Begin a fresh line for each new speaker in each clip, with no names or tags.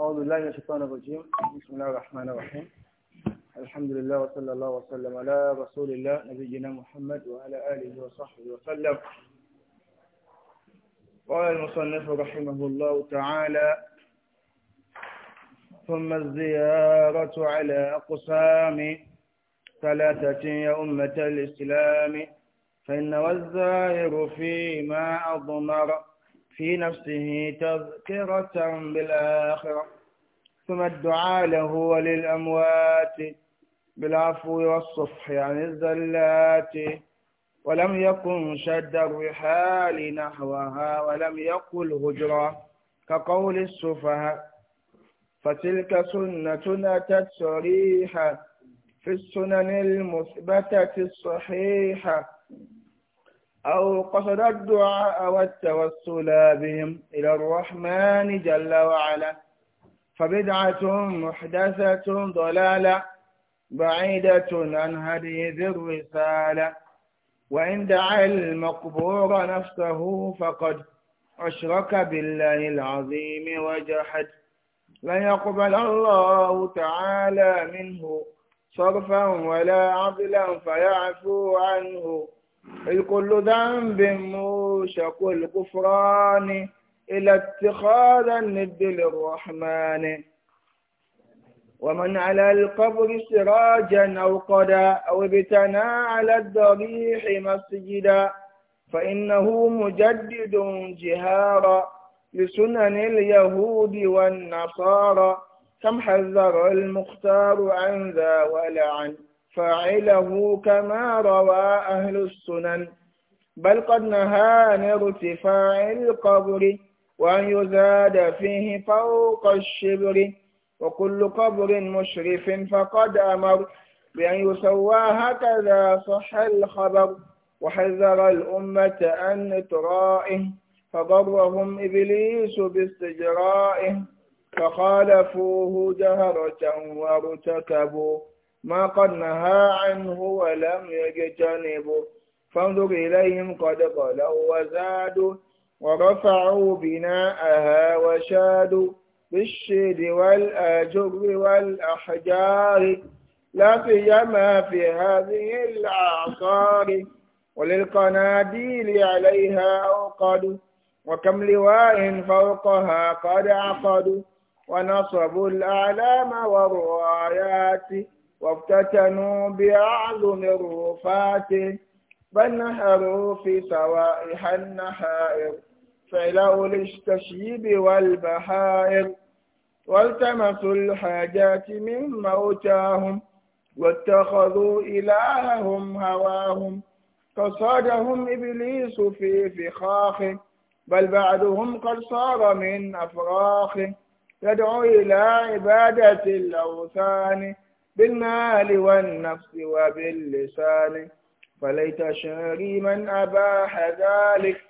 أعوذ بالله من الشيطان الرجيم بسم الله الرحمن الرحيم الحمد لله وصلى الله وسلم على رسول الله نبينا محمد وعلى آله وصحبه وسلم قال المصنف رحمه الله تعالى ثم الزيارة على أقسام ثلاثة يا أمة الإسلام فإن والزائر فيما أضمر في نفسه تذكرة بالآخرة ثم الدعاء له وللأموات بالعفو والصفح عن الزلات ولم يكن شد الرحال نحوها ولم يقل هجرة كقول السفهاء فتلك سنة أتت صريحة في السنن المثبتة الصحيحة أو قصد الدعاء والتوسل بهم إلى الرحمن جل وعلا فبدعة محدثة ضلالة بعيدة عن هذه الرسالة وإن دعا المقبور نفسه فقد أشرك بالله العظيم وجحد لن يقبل الله تعالى منه صرفا ولا عدلا فيعفو عنه إذ كل ذنب موشك الكفران إلى اتخاذ الند للرحمن ومن على القبر سراجا أو قدا أو ابتنى على الضريح مسجدا فإنه مجدد جهارا لسنن اليهود والنصارى كم حذر المختار عن ذا ولعن فاعله كما روى أهل السنن بل قد نهى عن ارتفاع القبر وأن يزاد فيه فوق الشبر وكل قبر مشرف فقد أمر بأن يسوى هكذا صح الخبر وحذر الأمة أن ترائه فضرهم إبليس باستجرائه فخالفوه جهرة وارتكبوا ما قد نهى عنه ولم يجتنبه فانظر إليهم قد قالوا وزادوا ورفعوا بناءها وشادوا بالشيد والأجر والأحجار لا سيما في هذه الأعصار وللقناديل عليها أوقد وكم لواء فوقها قد عقدوا ونصبوا الأعلام والرايات وافتتنوا بأعظم الرفات فانهروا في سوائح النحائر فلو للتشيب والبحائر والتمسوا الحاجات من موتاهم واتخذوا إلههم هواهم فصادهم إبليس في فخاخ بل بعدهم قد صار من أفراخ يدعو إلى عبادة الأوثان بالمال والنفس وباللسان فليت شعري من أباح ذلك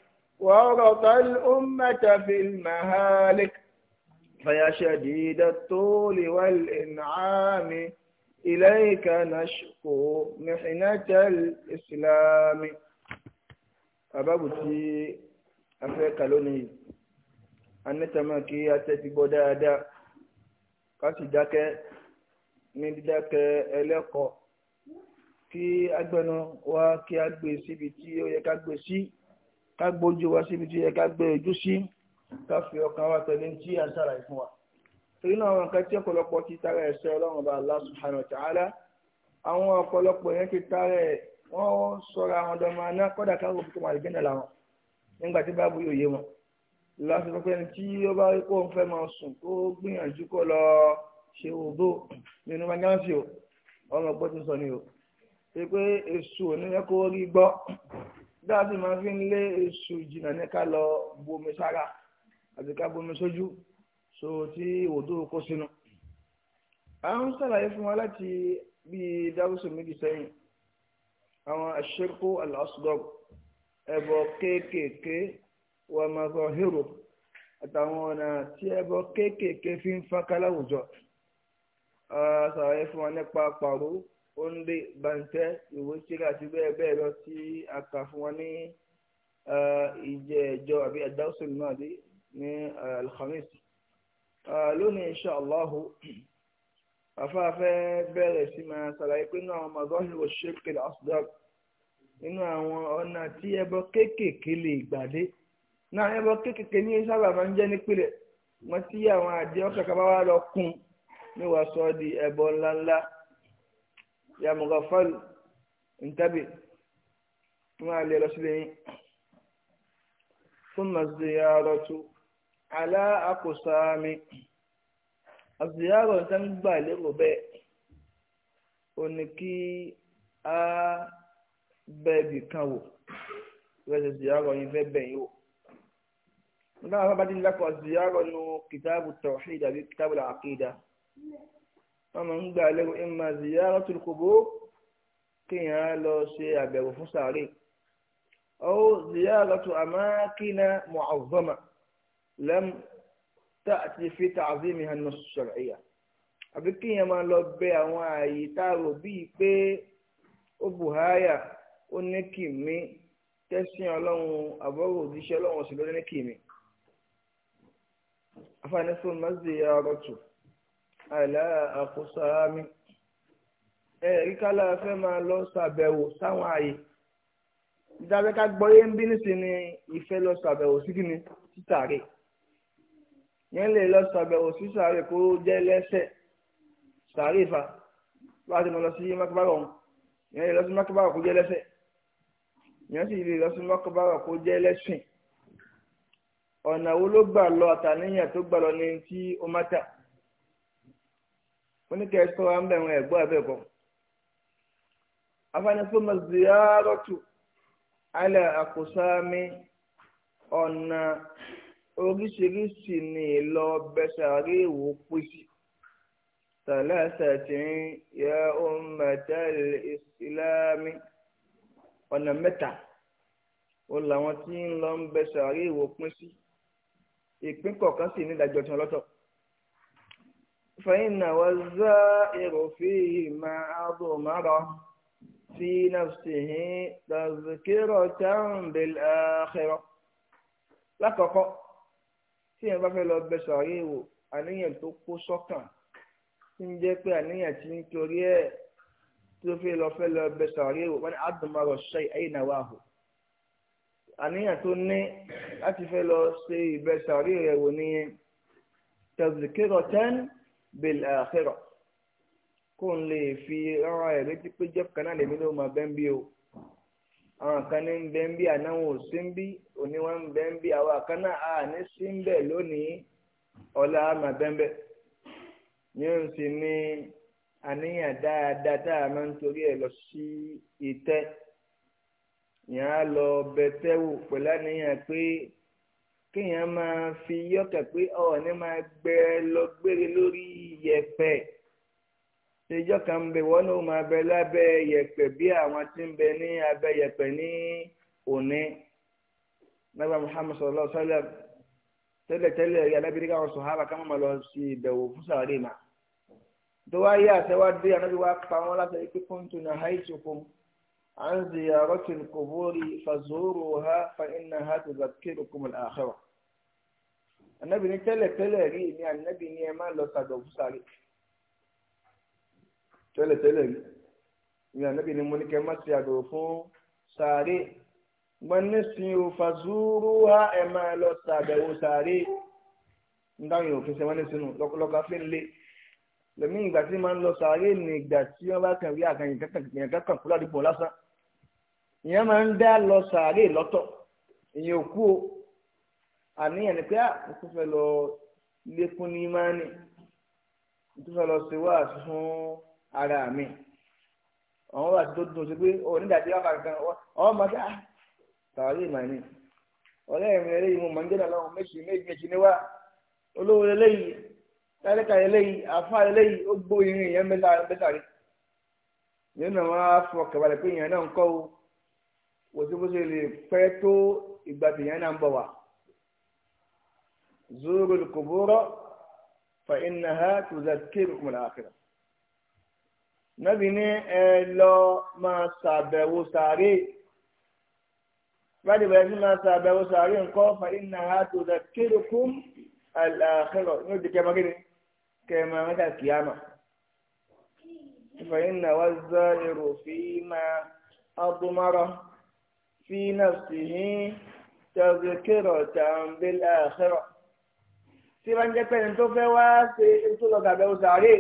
ورط الأمة في المهالك فيا شديد الطول والإنعام إليك نشكو محنة الإسلام أبابتي أفريقا لوني أنت ما كي أتتبو دادا داكي ní dídákẹ́ ẹlẹ́kọ̀ọ́ kí agbẹnu wa kí a gbé síbi tí ó yẹ ká gbé sí ká gbójú wa síbi tí ó yẹ ká gbé ojú sí ká fi ọkàn wa tẹ̀lé tí a ń ṣàlàyé fún wa. torí náà àwọn nǹkan tí ọ̀pọ̀lọpọ̀ ti tara ẹ̀ṣẹ̀ ọlọ́run bá Allah subhanahu wa ta'ala àwọn ọ̀pọ̀lọpọ̀ yẹn ti tara ẹ̀ wọ́n sọ̀rọ̀ àwọn ọ̀dọ́ máa ná kọ́dà káwọn òfin tó máa gbẹ́nà làwọn nígbà tí lásìkò pé ẹni tí ó bá rí kó ń fẹ́ máa sùn kó gbìyànjú kó lọ́ọ́ ṣe òbó nínú mẹgánsì o ọmọ ọgbọ́n ti sọ ni o ṣe pé èṣù ò ní yẹ kó rí gbọ́ dáàbì máa fi ń lé èṣù jìnnà ní ká lọ bomi sára àti ká bomi sójú so tí òdó kó sínú. à ń sàlàyé fún wa láti bí dáwùsù méjì sẹ́yìn àwọn àṣekú alasgog ẹbọ kéékèèké wà hero àtàwọn ọ̀nà tí ẹbọ kéékèèké fi ń fọ́n ká láwùjọ. sàlàyé fún wa nípa pàró òǹdè bàǹtẹ́ ìwé síra àti bẹ́ẹ̀ bẹ́ẹ̀ lọ tí a fún wa ní ìjẹ́ ẹ̀jọ́ àbí àdáwọ̀sọ̀ náà dé ní alhamis lónìí allahu afáfẹ́ bẹ̀rẹ̀ sí máa sàlàyé pé náà mazahir ash-shirk al-asghar nínú àwọn ọ̀nà tí ẹbọ kéékèèké lè gbàdé náà ẹbọ kéékèèké ní sábà máa ń jẹ́ nípìnlẹ̀ wọ́n àwọn ní wàá sọ di ẹbọ ńláńlá ya mugafal ntabi máa lè lọ sílẹ̀ yín fún maziyarọtu alá àkùsámi àziyarọ nǹkan gbà lérò bẹ́ẹ̀ ò ní kí a bẹẹbì kan wò rẹsẹ ziyarọ yín fẹ́ bẹyìn wò nígbà wọn bá ti ń ziyarọ nu kìtàbù tawhid àbí kìtàbù làákìdá. wọ́n máa ń gbà lẹ́rù imma ziyaratul qubur kéèyàn lọ ṣe àbẹ̀wò fún sàárè aw ziyaratu amakina lam ta'ti fi ta'zimiha an-nuss shar'iyya àbí kéèyàn máa lọ bẹ àwọn ààyè táàrò bíi pé ó bùháyà ó ní kìmí tẹ́sán ọlọ́run àbọ̀rò òjíṣẹ́ ọlọ́run sì ló ní fún àlá àkósáámi ẹ ìkálà fẹ́ máa lọ ṣàbẹ̀wò sáwọn àyè ìdájọ́ ká gbọ́yé ń bí nísìn ni ìfẹ́ lọ ṣàbẹ̀wò sí kíni títàrí yẹn lè lọ ṣàbẹ̀wò sí sàárè kó jẹ́ lẹ́sẹ̀ fa bá a ti mọ lọ sí mákàbárọ̀ yẹn lè lọ sí mákàbárọ̀ kó jẹ́ lẹ́sẹ̀ yẹn sì lè wọ́n ní kí ẹ sọ wa ń bẹ̀ wọn ẹ̀gbọ́n ẹ̀bẹ̀ kọ́ afánisọ́mọ ziyarọ́tù alẹ́ àkùsámi ọ̀nà oríṣiríṣi ni ìlọ bẹ́sàárì ìwò pèsè tàlásàtì yẹ ọmọọ̀tẹ́lẹ̀ ìsìlámi ọ̀nà mẹ́ta ó làwọn tí ń lọ ń bẹ́sàárì ìwò pín sí ìpín kọ̀ọ̀kan sì ní ìdájọ́ tí wọ́n lọ́tọ̀. فإن والزائر فيه ما أضمره في نفسه تذكرة بالآخرة lákọ̀ọ́kọ́ tí yẹn bá fẹ́ lọ bẹ sàárè wò àníyàn tó kó sọ́kàn tí ń jẹ́ pé àníyàn ti ń torí ẹ̀ tí ó fẹ́ lọ fẹ́ lọ bẹ sàárè wò wọ́n ní ṣe ẹ̀yìn náà wà hù. àníyàn tó ní láti fẹ́ lọ ṣe ìbẹ sàárè rẹ̀ wò nìyẹn tẹ̀síkérò tẹ́ni bẹ́ẹ̀ àṣẹrọ̀ kó n lè fi rárá ẹ̀ létí pé jẹ́ kan náà lèmi ló máa bẹ́ ń bí o àwọn kan ní ń bẹ́ ń bí ànáwọn ò sí ń bí òní wọn ń bẹ́ ń bí àwọn kan náà ní sí ń bẹ̀ lónìí ọ̀la àmà bẹ́ńbẹ́ yóò sì ní àníyàn dáadáa tá a máa ń torí ẹ̀ lọ sí ìtẹ́ yẹn lọ bẹ tẹ́wò pẹ̀lú àníyàn pé kéèyàn máa fi yọ́kẹ̀ pé ọ̀ọ́ni máa gbẹ lọ gbére lórí yẹ̀pẹ̀ ṣèjọ́ kan ń bẹ wọ́n ló máa bẹ lábẹ́ yẹ̀pẹ̀ bí àwọn tí ń bẹ ní abẹ́ yẹ̀pẹ̀ ní òní nàbà Muhammad sallallahu alaihi wasallam tẹ́lẹ̀tẹ́lẹ̀ rí alábìrì káwọn sọ̀hábà ká mọ̀mọ́ lọ sí ìbẹ̀wò fún sàárè mà tó wá yé àtẹwá dé anábì wá pa wọn láti ẹgbẹ́ kóńtù náà haytukum an ziyaratil quburi fazuruha fa innaha tudhakkirukum al-akhirah ànábì ní tẹ́lẹ̀tẹ́lẹ̀ rí èmi ànábì ní ẹ máa lọ sàdọ̀ fúsàrí tẹ́lẹ̀tẹ́lẹ̀ rí èmi ànábì ní mo ní kẹ́ má ṣe àdọ̀ fún sàárè mo ní sin o fàzúrú ha ẹ máa lọ sàbẹ̀wò sàárè ń dáhùn yòókù ṣe wọ́n ní sinú lọ́kọ́lọ́kọ́ fi ń lé lẹ́mí ìgbà tí máa ń lọ sàárè ní ìgbà tí wọ́n bá kàn rí àkànyìn kankan kúládìpọ̀ lásán ìyẹn máa ń dá lọ sàárè lọ́tọ̀ ìyẹn àníyàn ni pé ah, mo tún fẹ́ lọ lékún ní imáni mo tún fẹ́ lọ ṣe wá fún ara mi àwọn wà tó dùn sí pé onídàájọ́ wà kankan ọ máa ah, ká tàwárí ìmọ̀ni ọ̀rẹ́ mi eléyìí mo máa ń jẹ́nà lọ́wọ́ méjì méjì méjì níwá olówó eléyìí tálíkà eléyìí àfa eléyìí ó gbó irin ìyẹn mẹ́ta mẹ́ta rí yẹn náà wọ́n á fọ kẹ̀wàlẹ̀ pé ìyẹn náà ń kọ́ o wò bó ṣe lè pẹ́ tó ìgbà tí ìyẹn náà ń bọ̀ wá. زوروا القبور فإنها تذكركم الآخرة نبي إلا ما سابه máa ṣàbẹ̀wò sàárè ما سابه sí máa قال فإنها تذكركم الآخرة ní كما kẹmọ كما kẹmọ mẹ́ta فإن والزائر فيما أضمر في نفسه تذكرة بالآخرة. tí bá ń jẹ́ pẹ́ni tó fẹ́ wá ṣe tó lọ gàbẹ́ oṣù àárè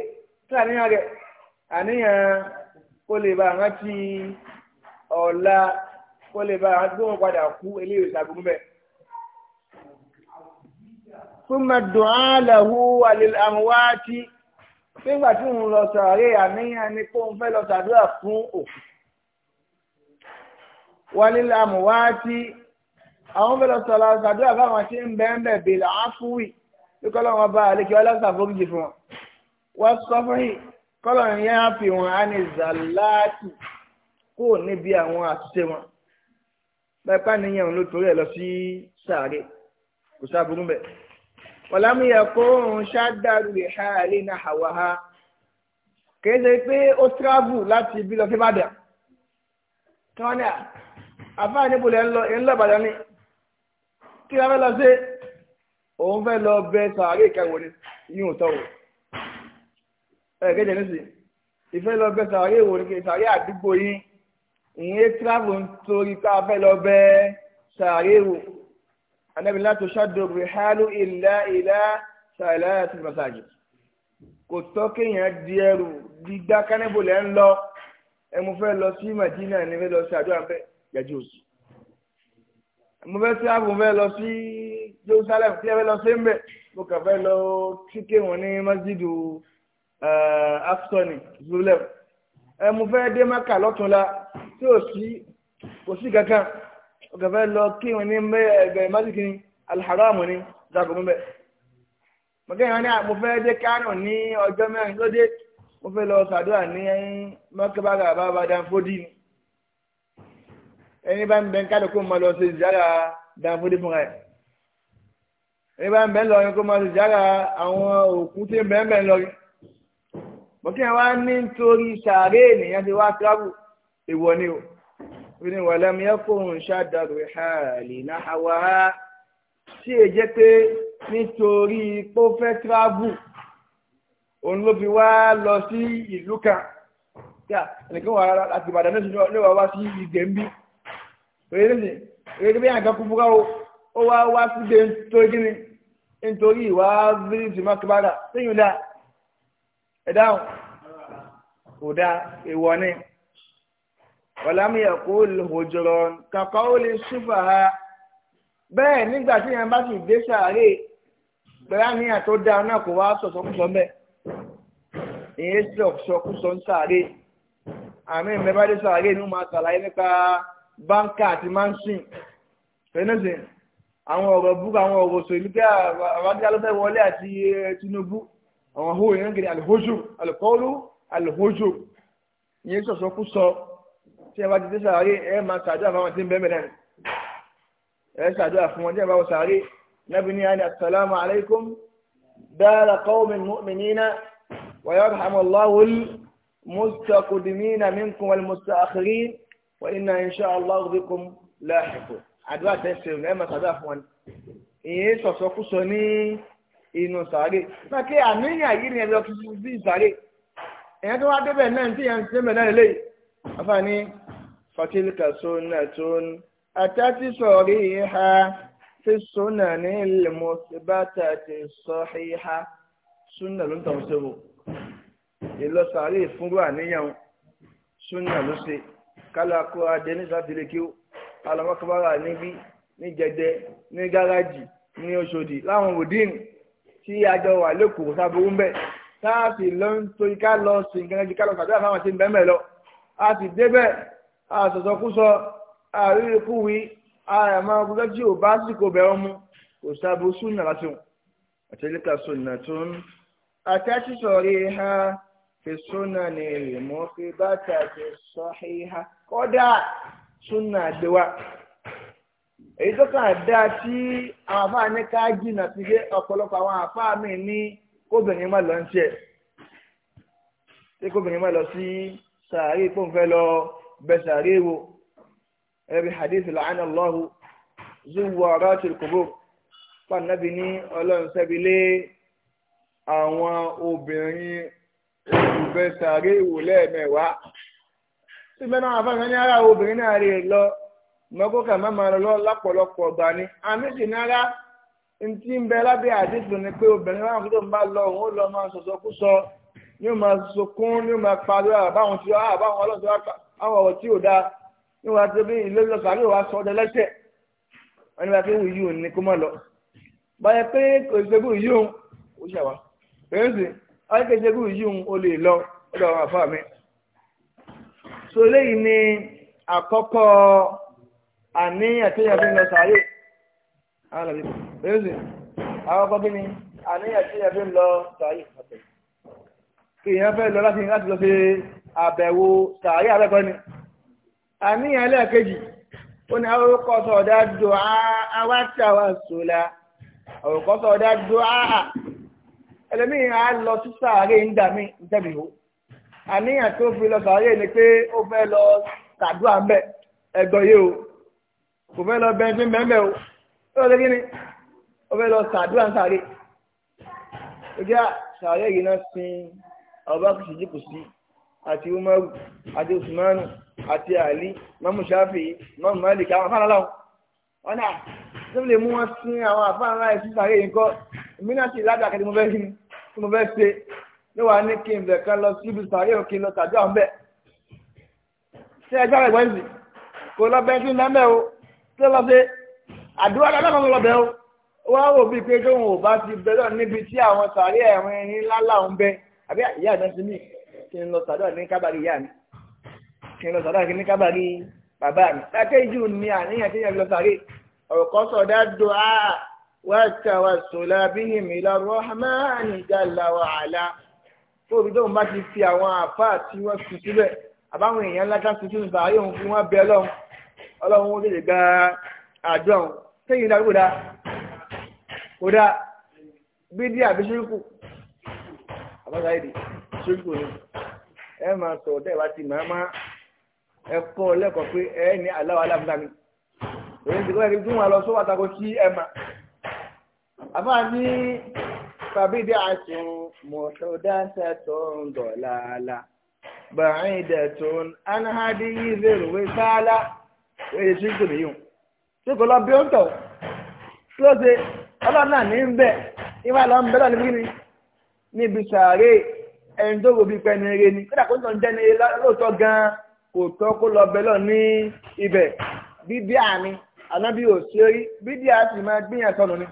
tí àníyàn rẹ̀ àníyàn kó lè bá rántí ọ̀la kó lè bá rántí wọn padà kú eléyìí ìṣàgùn bẹ́ẹ̀. Súnmọ́ dùn án lẹ̀hu àmúwáàtì nígbà tí òun lọ sàárè àníyàn ni kó ń fẹ́ lọ sàdúrà fún òkú. Wọ́n lílẹ̀ àmúwáàtì àwọn fẹ́ lọ sàdúrà fáwọn tí ń bẹ́ẹ̀ bẹ̀ bèèrè àáfúwì kíkọ́ lọ́wọ́ bá àlékí ọlọ́sà fóríjì fún wọn wọ́n sọ fún yìí kọ́lọ̀ yẹn á fi wọn á ní zàláàtì kó níbi àwọn àtúnṣe wọn pẹ́pá nìyẹn ló torí ẹ̀ lọ sí sàárè kò sábúrú bẹ́ẹ̀ ọ̀làmúyẹ kó ń ṣáàdàrú ìhà àlè náà àwọ̀ ha kìí ṣe pé ó tíráàbù láti ibi lọ sí Ìbàdàn kí wọ́n ní àfáà níbo lẹ́ ń lọ Ìbàdàn ni kí wọ́n fẹ́ lọ sí òun fẹ́ lọ bẹ sàárè kẹwò ni yíò tọ́ wò ẹ̀ẹ́dẹ́gbẹ̀jẹ̀ nísì ìfẹ́ lọ bẹ sàárè wò ni sàárè àdúgbò yín ìyẹn tíráàbù nítorí pé a fẹ́ lọ bẹ sàárè wò anabi láti ṣàdóbi hálù ìlà ìlà sàìlà àti màsàjì kò tọ́ kéèyàn di ẹrù gbígbá kánẹ́bù lẹ́ ń lọ ẹ mo fẹ́ lọ sí Màdínà ni fẹ́ lọ sí àdúrà bẹ́ẹ̀ yàjú òsì mo fẹ́ tíráàbù fẹ́ lọ sí. Jerusalem tí ẹ fẹ́ lọ sí ń bẹ̀ mo kàn fẹ́ lọ kíkẹ́ wọn ní masjidu afsoni zulem ẹ mo fẹ́ dé maka lọ́túnla tí ò sí kò sí kankan mo kàn fẹ́ lọ kí wọn ní ẹgbẹ́ masjidu ni alḥaram ni dàgbọ́n bẹ́ẹ̀ mo kẹ́yìn wọn ní mo fẹ́ dé Kánò ní ọjọ́ mẹ́rin lóde mo fẹ́ lọ sàdúrà ní mọ́kàbàgà bàbá danfodi ni ẹni bá ń bẹ ń kálukú mọ́ lọ sí ìjára danfodi fúnra ẹ̀ ẹ bá ń bẹ́ lọ kó máa tìjára àwọn òkú tí ń bẹ́ẹ̀ bẹ́ẹ̀ lọ rí bọ́kí ẹ wá ní nítorí sàárè ènìyàn ti wá tíráàbù ìwọ ni o ó ní wàlẹ́ mi ẹ kóhùn ṣáàdàrú ìhàlì náà àwa tí è jẹ́ pé nítorí pó fẹ́ tíráàbù òun ló fi wá lọ sí ìlú kan nìkan wà láti Ìbàdàn ní ìwà wá sí ìgbẹ́ ń bí òye ní ìgbẹ́ bí àgbà kúkú káwọ́ ó wá wá síbi nítorí kíni nítorí ìwà fíríjì mọ́kàbára sẹ́yìn dá ẹ dáhùn kò dá ìwọ ni wàlámìyà kó lòjòrò kàkọ́ ó lè ṣùfà ha bẹ́ẹ̀ nígbà tí yẹn bá sì dé sàárè pẹ̀lú àníyàn tó dáa náà kò wá sọ̀sọ̀kúsọ mẹ́ ìyẹn sọ̀sọ̀kúsọ ń sàárè àmì ìmẹ́bàdé sàárè ní ó máa sàlàyé nípa báńkà àti máńsìn fẹ́nẹ́sìn àwọn ọ̀rọ̀ búrú àwọn ọ̀rọ̀ òṣèlú pé àwájá ló fẹ́ wọlé àti e, Tinubu àwọn hó ìran gidi alhojo alukọ́rú alhojo ìyẹn sọ̀sọ́ kú sọ tí ẹ bá ti dé sàárè ẹ máa ṣàdúrà fún àwọn tí ń bẹ́ẹ̀ mẹ́rin ẹ ṣàdúrà fún wọn tí ẹ bá wọ sàárè nábì ní àná asalaamu alaykum dára qawmin mu'minina wa yarhamu Allahu al-mustaqdimina minkum àdúrà tẹsẹ ò lẹ́ẹ̀mọ sàdúrà fún wọn ìyẹn sọ̀sọ́kúsọ ní inú sàárè náà kí àníyàn yìí ni ẹ̀rọ tuntun sí sàárè èèyàn tó wá débẹ̀ náà tí èèyàn ti débẹ̀ náà lè àfààní fatilka sunnatun àtàtì sọ̀rí ha fi sunna ní ilmu síbátà ti sọ̀rí ha sunna ló ń tàn sóbò ìlọ sàárè fúnrú àníyàn sunna ló ṣe kálákó adé ní sátìlẹ́kíw alamọ́kọ́bára níbí ní jẹjẹ ní gáràjì ní Ọ̀ṣọ́dì láwọn òdìn tí àjọ wà lẹ́kọ̀ọ́ sábẹ́wó ń bẹ̀ táàsì lọ ń torí ká lọ sí nǹkan ju ká lọ sàdúrà fáwọn tí ń bẹ́ẹ̀ mẹ́ lọ a sì débẹ̀ a sọ̀sọ̀ kú sọ a rírí kú wí a rẹ̀ máa kú lọ́jọ́ tí ò bá sì kò bẹ̀rẹ̀ mu kò sábẹ́ súnà lásìkò àtẹ̀lẹ́kà súnà tó ń àtẹ́sísọ̀rí ha fi súnà ní ìrìmọ́ fi bàtà fi sọ́hí ha kódà súnà àgbéwá èyí tó kàn dá tí àwọn àfáà ní ká jìnnà sí pé ọ̀pọ̀lọpọ̀ àwọn àfáà mi ní kóbìnrin má lọ ń tiẹ̀ tí kóbìnrin má lọ sí sàárè pò ń fẹ́ lọ bẹ sàárè wo ẹbí hadith la'ana Allahu zuwaratil qubur fànàbí ní ọlọ́run sẹ́bi àwọn obìnrin olùbẹ̀sàárè wò lẹ́ẹ̀mẹ̀wàá síbẹ̀ náà àfáàní ní ara obìnrin náà rè lọ mọ́kókà má máa lọ lápọ̀lọpọ̀ ọgbà ni àmì sì ní ara ntí ń bẹ lábẹ́ àdéhùn ni pé obìnrin láwọn tó ń bá lọ òun ó lọ máa sọ̀sọ̀ kú sọ ní o máa sọkún ní o máa pariwo àbáwọn tí àbáwọn ọlọ́dún àwọn ọ̀rọ̀ tí ò dáa ní wàá tó bí ilé lọ sàárè wàá sọ ọdẹ lẹ́sẹ̀ wọn ni wàá fi wù yìí òun ni kó má lọ báyẹ pé kò ṣe bí yìí òun ó ṣàwà èyí sì ọ̀rẹ́ kò ṣe bí yìí òun ó lè lọ ó lọ àwọn mi. so eléyìí ni àkọ́kọ́ àníyàn tí yẹn ń lọ sàárè àkọ́kọ́ kí ni àníyàn tí yẹn ń lọ sàárè kí èèyàn fẹ́ lọ láti láti lọ sí àbẹ̀wò sàárè abẹ́kọ́ ni àníyàn ẹlẹ́ẹ̀kejì ó ní orúkọ sọ̀dá dùn awátàwà sòlá orúkọ sọ̀dá dùn áhà ẹlẹ́mìí á lọ sí sàárè ń dà mí ń àníyàn tó fi lọ sàárè ni pé ó fẹ́ lọ tàdúrà mbẹ ẹgbọ́n yìí o kò fẹ́ lọ bẹntín bẹ́ẹ̀ o ó lọ sí kí ni ó fẹ́ lọ tàdúrà sàárè ìjà sàárè yìí náà sin ọba kùsìjì kùsì àti umaru àti usmanu àti ali mamu shafi mamu malik àwọn afárá làwọn wọn náà tó lè mú wọn sin àwọn afárá láì sí sàárè yìí kọ mí náà ti ládàá kẹ́tí mo fẹ́ sí mo fẹ́ ṣe níwàá ní kí n bẹ̀ kan lọ síbi sàárè òkè lọ tàbí àwọn bẹ́ẹ̀. ṣé ẹjọ́ rẹ̀ wẹ́ẹ̀sì kò lọ bẹ́ẹ̀ sí lẹ́mẹ̀ o tó lọ sí àdúrà dáadáa lọ bẹ́ẹ̀ o wá wò bíi pé tóun ò bá ti bẹ̀rẹ̀ níbi tí àwọn sàárè ẹ̀rín ẹ̀rín ńlá làwọn bẹ àbí ìyá àná sí mi kí n lọ sàdọ̀ ní kábàárì ìyá mi kí n lọ sàdọ̀ ní kábàárì bàbá mi lákéjù ni àníyàn kí n lọ sàárè ọ̀rọ̀ kan sọ̀dá do a wá tàwa sọ̀lá bíi mi lọ tó òbí tóun bá ti fi àwọn àpá tí wọ́n fi síbẹ̀ àbáwọn èèyàn ńlá kan tuntun nípa ayé òun fún wọn bẹ ọlọ́run ọlọ́run ó tètè gba àjọ òun téyìn dá kódà kódà bídí àbí ṣírùkù àbáta èdè ṣírùkù ni ẹ máa sọ ọ̀dẹ́ ìwà ti máa ẹ kọ́ lẹ́kọ̀ọ́ pé ẹ ní aláwọ̀ aláàbúdá mi òun ti kọ́ ẹ̀ kí wọ́n lọ sọ́wọ́ àtàkùn sí ẹ̀ máa ní fàbídà àti mọ̀ṣọ́dáṣà بعيدة ń هذه bàáìdà tó ń anáhádé yìí zèrò wé sáálá wéyé tí kò níyùn tí kò lọ bí ó ń tọ̀ tí ó ṣe ọlọ́run náà ní ń bẹ̀ ìwà lọ ń bẹ̀ pẹ́ni eré ni kódà kó ń tàn jẹ́ni lóòótọ́ gan-an kò tọ́ kó lọ bẹ̀ lọ ní ibẹ̀ bíbí àmì àná bí ò ṣe rí bíbí àti máa gbìyànjú ọ̀nà ni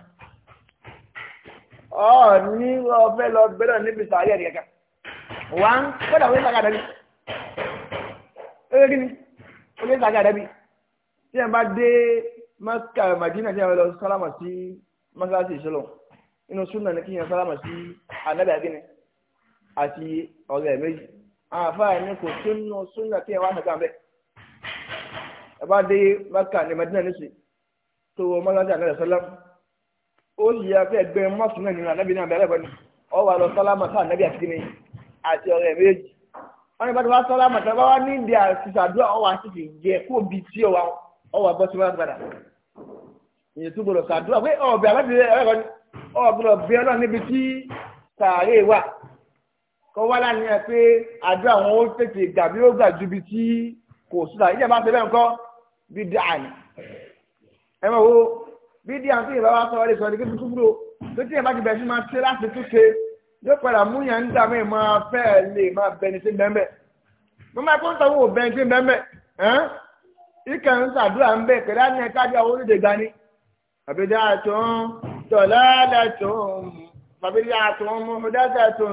ọ ní ọfẹ́ lọ gbẹ́dọ̀ níbi sàárẹ̀ ẹ̀rí kẹ̀kẹ́ wà ń gbọ́dọ̀ wí sàkàdà bí ẹgbẹ́ ni ọgbẹ́ sàkàdà bí tí ẹ bá dé maka madina tí a lọ sálámà sí masalasi ìṣẹlọ inú súnà ní kí n sálámà sí anábìá kí ni àti ọ̀rẹ́ méjì àfáà ní kò sínú súnà tí ẹ wá sàkà bẹ́ẹ̀ ẹ bá dé maka ní madina níṣẹ́ tó masalasi anábìá sálámà. ó yẹ ya ẹgbẹ́ mọ́ọ̀sì náà nínú ànábì náà bẹ̀rẹ̀ pẹ̀lú ọ wà lọ sálámà sáà ànábì àti kìnìún àti ọ̀rẹ́ méjì wọ́n ní bá ti wá sálámà tí wọ́n wá ní ìdí àṣìṣàdúrà ọwọ́ àṣìṣì jẹ kó bi tí ọwọ́ sí wọn padà tó gbọdọ̀ sàdúrà pé níbi tí sàárè wà wá láàrin pé àdúrà wọn ó tètè ó ju ibi tí bídí àti ìbá wa sọ̀rọ̀ ìsọ̀rọ̀ kí tuntun dúró tó tí ìbá ti bẹ̀rẹ̀ sí máa ṣe láti túnṣe yóò padà mú yàn ń dà mí máa fẹ́ lè máa bẹni sí bẹ́ẹ̀ mo máa kó ń tọ́wọ́ ò bẹni sí bẹ́ẹ̀ ìkà ń sàdúrà ń bẹ̀ pẹ̀lú àmì ẹ̀kájá orílẹ̀-èdè gani àbídá tó ń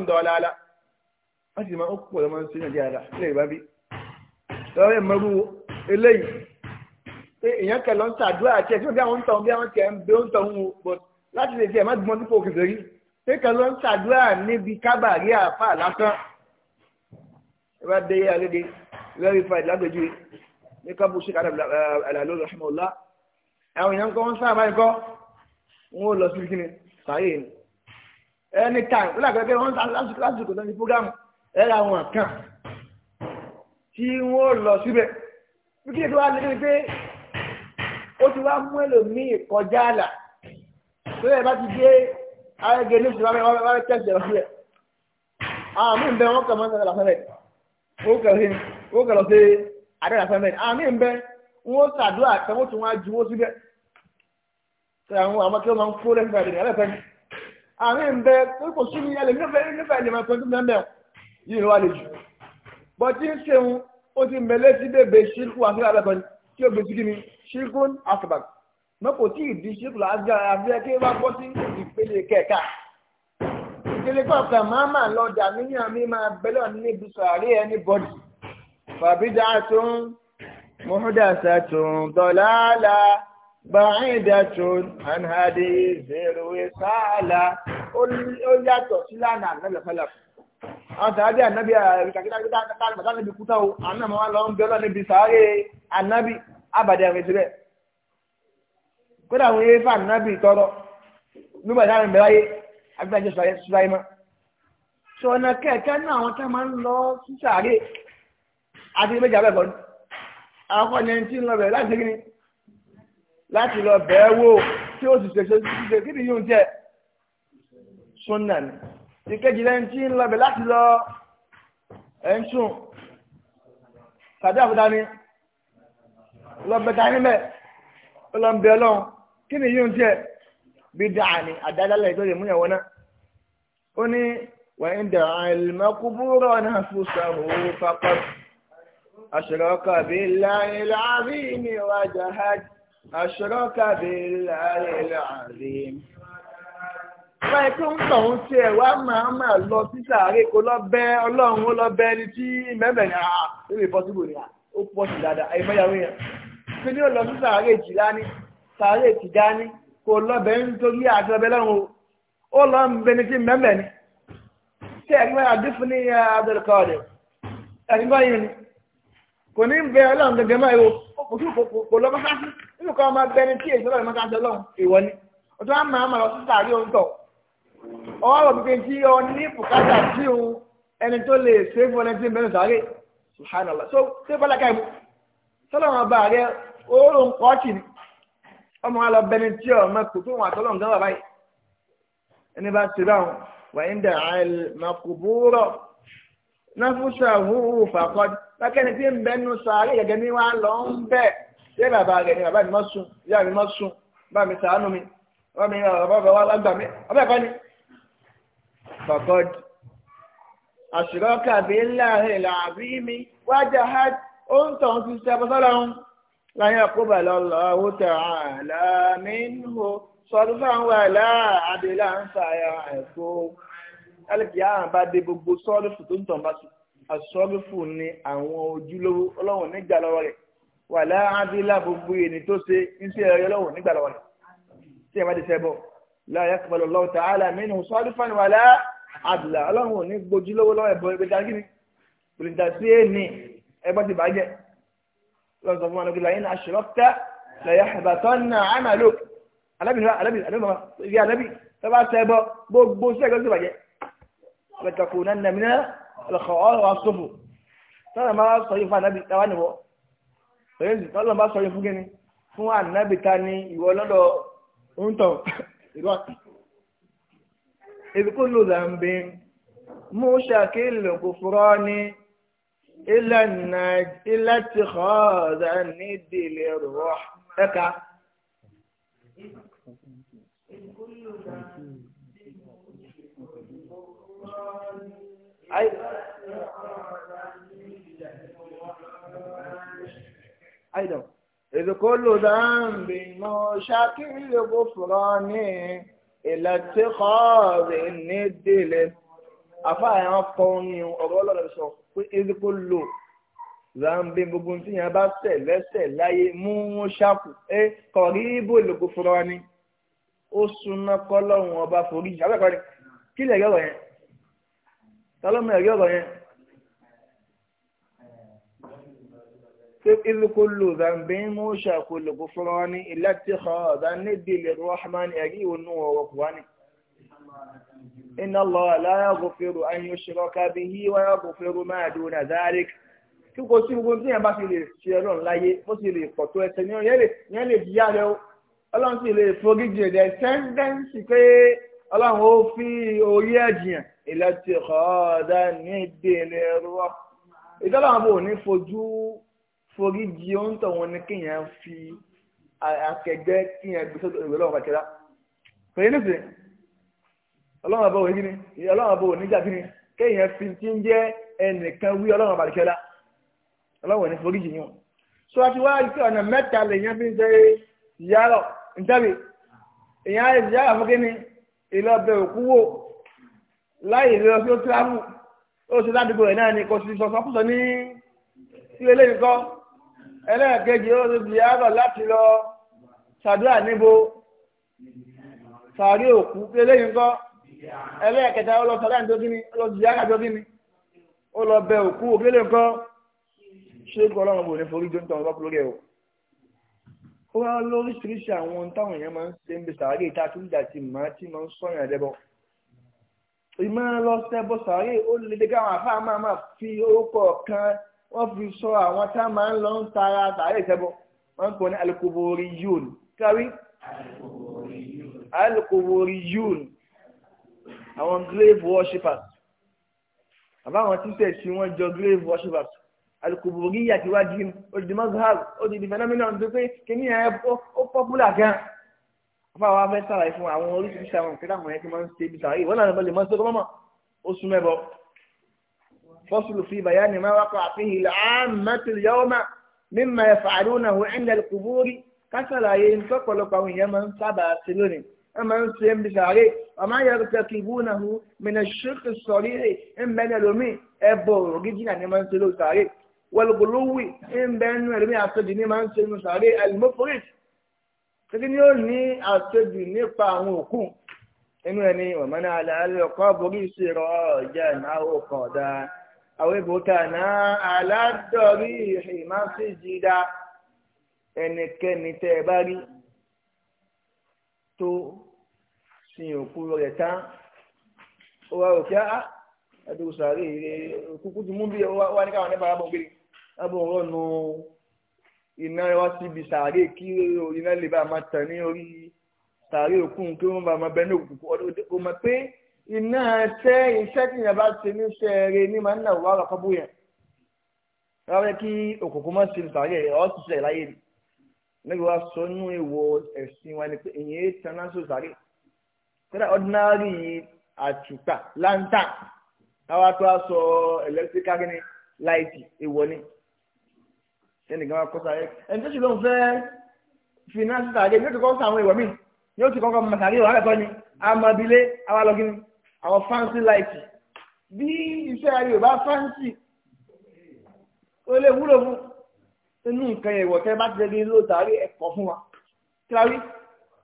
dọ̀làlà pé èèyàn kẹ lọ ń ṣàdúrà àti ẹ̀sìn bí àwọn ń tàn bí àwọn tiẹ̀ ń bí ó ń tàn wò but láti lè fi ẹ̀ má gbọ́n dípò kìfẹ́ rí pé kẹ lọ ń ṣàdúrà níbi kábàárí àfà lásán ẹ bá dé alédè verified lágbèjú ní kábù sí kádà àlàló eh, rahimahulá àwọn èèyàn kọ́ wọ́n sábà ń kọ́ wọn ò lọ sí kíni sàyè ni anytime wọ́n làgbẹ́ pé wọ́n lásìkò lọ́sí programu ẹ̀rọ àwọn kan tí wọ́n lọ síbẹ̀ bí kí ètò wa lè dé pé ó ti wá mú ẹlòmíì kọjá àlà tó yẹ bá ti dé ayẹyẹ ní ìṣúná wọn bá tẹ̀sí ẹ̀rọ sílẹ̀ àwọn míì bẹ wọn kàn máa ń sọ̀rọ̀ lásán bẹ́ẹ̀ ó kẹ̀lọ́ sí adé lásán bẹ́ẹ̀ àwọn míì bẹ wọn ṣàdúrà tẹ wọn tún wá ju wọn síbẹ̀ tó yà wọn àwọn kí wọn máa ń kó lẹ́sìn àdìrẹ́ ẹlẹ́fẹ́ ni àwọn míì bẹ kò sí ní ẹlẹ́fẹ́ nífẹ̀ẹ́ lè máa pẹ́ tó mẹ́mẹ́ yìí ló wà lè jù bọ́tí ń ṣeun ó ti mẹ́lẹ́ sí bèbè ṣírkù àfihàn ẹlẹ́fẹ́ ni tí ó gbèsè kíni ṣíkún akbar mọ kò tí ì di ṣíkún agbára àbí ẹkẹ bá bọ́ sí ìpele kẹka ìpele kọ̀ọ̀kan máa máa lọ dà níyàn mi máa bẹ́lẹ̀ ní ibùsùn àárẹ̀ ẹni bọ́dì fàbídà tó ń mọ́dà dọ̀làlà bàáìdà tó ń ànhàdì zèrò ó yàtọ̀ sílànà àgbẹ̀lẹ̀fẹ́lẹ̀ àwọn sàádé ànábìà ìkàkítàkítà kátàlùmọ̀tà níbi kúta o àná máa lọ ń bẹ́lẹ̀ níbi sàárẹ̀ anabi abàdé àwọn ètò bẹ́ẹ̀ kódà àwọn eré fún anabi tọrọ nígbà tí àwọn ìbẹ̀rẹ̀ ayé agbẹ́jọ́ sùláìmọ́ sọ ọ̀nà kẹ̀kẹ́ náà àwọn tá máa ń lọ sí sàárè àti ilé ìjà bẹ́ẹ̀ àwọn kan ní ẹni tí ń lọ bẹ̀rẹ̀ láti gíní láti lọ bẹ̀ẹ́ wò tí ó sì ṣèṣe kí ni yóò jẹ́ sunna ni ìkejì lẹ́ni tí ń lọ bẹ̀rẹ̀ láti lọ ẹ̀ ń sùn tàbí àbúdá ni ọlọ́bẹ̀ta níbẹ̀ ọlọ́bẹ̀ ọlọ́run kí ni yóò tiẹ̀ bí dáa ni àdádálẹ̀ tó lè mú yẹn wọná ó ní wàyí dà àìlùmọ́kúbúrọ̀ náà fún sàrò pápá àṣìrọ́kà bí láyé láàrin ní wájà hajj àṣìrọ́kà bí láyé láàrin. báyìí tó ń tọ̀hún sí ẹ̀ wá máa máa lọ sí sàárè kó lọ bẹ́ ọlọ́run ó lọ bẹ́ ẹni tí mẹ́mẹ́ ni àà ah, ó lè bọ́ ni ah, ó pọ̀ dáadáa àyè fẹ́yàwó yẹn kí ni ó lọ sí sàárè Jìlání sàárè Tìjání kò lọ́bẹ̀ nítorí àtọ́bẹ̀ lọ́run ó lọ ń bẹni tí mẹ́mẹ́ ni tí ẹ̀rí máa dé fún ní Abdulkadir ẹ̀rí máa yìí ni kò ní bẹ ọlọ́run gẹ́gẹ́ máa yọ òkú kò lọ́ bá sí nínú kan máa bẹni tí èso lọ́run máa sọ lọ́run ìwọ ni ọjọ́ á máa máa lọ sí sàárè òǹtọ̀ ọwọ́ rọ̀ pípé tí ọ ní bùkátà tí o ẹni tó lè ṣe fún ẹni tí ń bẹnu subhanallah so ṣé bọ́lá káyọ̀ sọ́lọ́run ọba oorun kọ́ọ̀kì ni ọmọ wa lọ bẹni tí ọ ma kò tó wọn àtọ́lọ́ nǹkan bàbá yìí ẹni bá ti báwọn wàyí ń dà àìl màkùbúrọ̀ náfúsà húhù fàkọ́d lákẹ́ni tí ń bẹ́ nu sàárè gẹ́gẹ́ ní wàá lọ ń bẹ̀ ṣé bàbá rẹ̀ ni bàbá mi mọ́ sùn ìyá mi mọ́ sùn bá mi sàánú mi bá mi bàbá wa gbà mí ọbẹ̀ kọ́ ni fàkọ́d àṣìrọ́kà bí ńlá rẹ̀ làbí mi wájà ó ń tọ̀ ń fi ṣe abọ́sọ́lọ́run. لن يقبل الله تعالى منه صرفا ولا عدلا فيعفو alìkìyà bá dé gbogbo sọ́ọ́lùfù tó ń tàn bá sọ́ọ́lùfù ni àwọn ojúlówó ọlọ́run nígbà lọ́wọ́ rẹ̀ wà láàádìlá gbogbo ẹni tó ṣe iṣẹ́ rẹ̀ ọlọ́run nígbà lọ́wọ́ rẹ̀ tí ẹ bá ti sẹ́bọ̀ láàyè kọ́bọ̀lọ́ lọ́wọ́ tààlà mínú lọ́wọ́ ẹ̀bọ̀ ẹgbẹ́ta kí lọ́sọ̀ fún wọn lọ́yìn aṣọ́rọ́pẹ́ lọ́yà àbàtàn náà àmàlò alábì alábì alábì alábì tọ́ba sẹ́bọ gbogbo sẹ́gbẹ́ tó bàjẹ́ lọ́tàkù náà nàmínà lọ́kọ̀ ọ̀rọ̀ wa sọ́fù tọ́lá máa sọ yìí fún anábì táwa nìwọ́ tọ́lá máa sọ yìí fún kíni fún anábì ta ni ìwọ lọ́dọ̀ ń tọ̀ ìrọ̀ èbí kò lò zàmbé mú ṣàkíyèlè kò fúrọ́ ni. إلا النج إلا اتخاذ الند للروح أكا أي أيضا إذ كل ذنب مشاكل الغفران إلا اتخاذ الند للروح أفا يا قومي أقول لك pé ezekó lò zambe gbogbo tí yẹn bá tẹ̀ lẹ́sẹ̀ láyé mú wọn ṣàkù ẹ kọrí ibo ìlòkò fúnra ni ó súná kọlọ́run ọba foríjì abẹ́kọ̀ ni kí lè yọ̀rọ̀ yẹn tọ́lọ́mọ ẹ̀rí ọ̀rọ̀ yẹn pé ìlúkú lò zambe mú ṣàkù ìlòkò fúnra ni ìlẹ́tìkọ̀ ọ̀dà níbi ìlẹ̀rọ̀ ọ̀hámánì ẹ̀rí ìwọ̀nù ọ̀rọ̀ kùwánì. إن الله لا yaghfiru أن يشرك به wa ما دون ذلك. dhalik kí kò sí gbogbo tíyẹn bá fi lè ṣe ọlọ́run láyé ó sì lè pọ̀ tó ẹsẹ̀ ní yẹn lè di yára o ọlọ́run sì lè forí jù ẹ̀dẹ̀ sẹ́ńdẹ́ǹsì pé ọlọ́run ó fi orí ẹ̀jìyàn ìlẹ́tì ọ̀ọ́dá ní ìdílé rọ́ ìdọ́lọ́run bò ní fojú forí jì ó ń tọ̀ wọn ní kéèyàn fi akẹgbẹ́ kéèyàn gbèsè ìwé lọ́wọ́ kàkẹ́rà pẹ̀lú nísìnyí ọlọ́run àbọ̀ òní kíni ọlọ́run àbọ̀ òní jà kíni kéèyàn fi ti ń jẹ́ ẹnìkan wí ọlọ́run àbàlùkẹ́lá ọlọ́run òní foríjì yín o so àti wá àti ọ̀nà mẹ́ta lèèyàn fi ń ṣe ìyárọ̀ ntẹ́bi èèyàn á ìyárọ̀ fún kíni ìlọ́bẹ̀ òkú wò láì lọ sí ó tíráàmù ó sì ládùúgbò rẹ̀ náà ni kò sì sọ̀sọ́ kùsọ̀ ní ilé ilé ẹlẹ́ẹ̀kejì ó ti ìyárọ̀ láti lọ ṣàdúrà níbo sàárè òkú ilé nìkan ẹlẹ́ẹ̀kẹta ó lọ sọ láì dókí ni ó lọ sí yàrá dókí ni ó lọ bẹ òkú òkèlè nǹkan ṣé kọ́ ọlọ́run bò ní forí jó ń tọ́ ọlọ́pù lórí ẹ̀ o. ó wá lóríṣiríṣi àwọn táwọn èèyàn máa ń ṣe ń bẹ sàárè tá a tún dà tí màá tí máa ń sọ̀yàn àdẹ́bọ̀. ìmọ̀ lọ sẹ́bọ̀ sàárè ó lè dé káwọn àfa máa máa fi orúkọ kan wọ́n fi sọ àwọn tá a máa ń lọ ń tara sàárè sẹ́bọ̀ wọ́n ń pọ̀ ní alukobori yun kárí àwọn grave worshippers àbáwọn títẹ̀ sí wọn jọ grave worshippers alukoboriya ti wá jíim odidi mazhab odidi phenomenon tó pé kíní ẹ ó pọ́pùlà gan fún àwọn afẹ́ sàlàyé fún àwọn oríṣiríṣi àwọn òkúta àwọn yẹn tí ń ṣe ibi sàlàyé ìwọ́n náà lè mọ́ sí mọ́mọ́ ó sún mẹ́bọ. فصل في بيان ما وقع فيه العامة اليوم مما يفعلونه عند القبور كسلا ينفق لقوم يمن سبع سلوني ẹ máa ń ṣe ń bi sàárè ọmọ ayẹyẹ tẹkì ìbúnà hu mìnà ṣíkì sọrí rè ń bẹ ní ẹlòmí ẹ bọ òrìjìnà ni máa ń ṣe ló sàárè wọlùgbòlówì ń bẹ nínú ẹlòmí àṣejù ni máa ń ṣe nínú sàárè alimofrit kíkí ni ó ní àṣejù nípa àwọn òkú inú ẹni ọmọdé alẹ́ ọkọ borí ìṣirò ọjà ìnáwó kan ọ̀dà àwọn ibùkà náà aládọ́rí ìhìmásíjì dá ẹnikẹ́ni tẹ́ ẹ bá rí tó sin òkú rẹ̀ tán ó wá rò kí á ẹdùn sàárè kúkú ti mú bí wá ní káwọn nípa arábọ̀ gbére arábọ̀ ah, rọ̀nù iná wá síbi sàárè kí iná lè bá máa tàn ní orí sàárè òkú kí wọ́n bá máa bẹ ní òkú kò mọ̀ pé iná tẹ́ iṣẹ́ tí ìyàbá ti ní sẹ́ẹ̀rẹ́ ní máa ń nà wàrà kọ́bù yẹn wọ́n kí òkùnkùn má sí sàárè ọ̀ sì sẹ̀ láyé ni níbi wá sọ nú ìwọ ẹ̀sìn wa ni pé ìyẹn tanná sòsàrí kódà ordinary àtùpà lanta táwa tó a sọ electrical kí ni láìtì ìwọ ni ẹnìkan wa kọ́ sáré ẹni tó sì lóun fẹ́ finance sáré ní o ti kọ́ sọ àwọn ìwọ mi ní o ti kọ́kọ́ mọ sáré ìwọ àbẹ̀kọ́ ni amabilé àwa àwọn fancy láìtì bí iṣẹ́ ayé ò bá fancy ó lè wúlò fún inú nǹkan yẹn ìwọ̀tẹ́ bá ti dẹ́gbẹ́ ló tàrí ẹ̀kọ́ fún wa kíláwí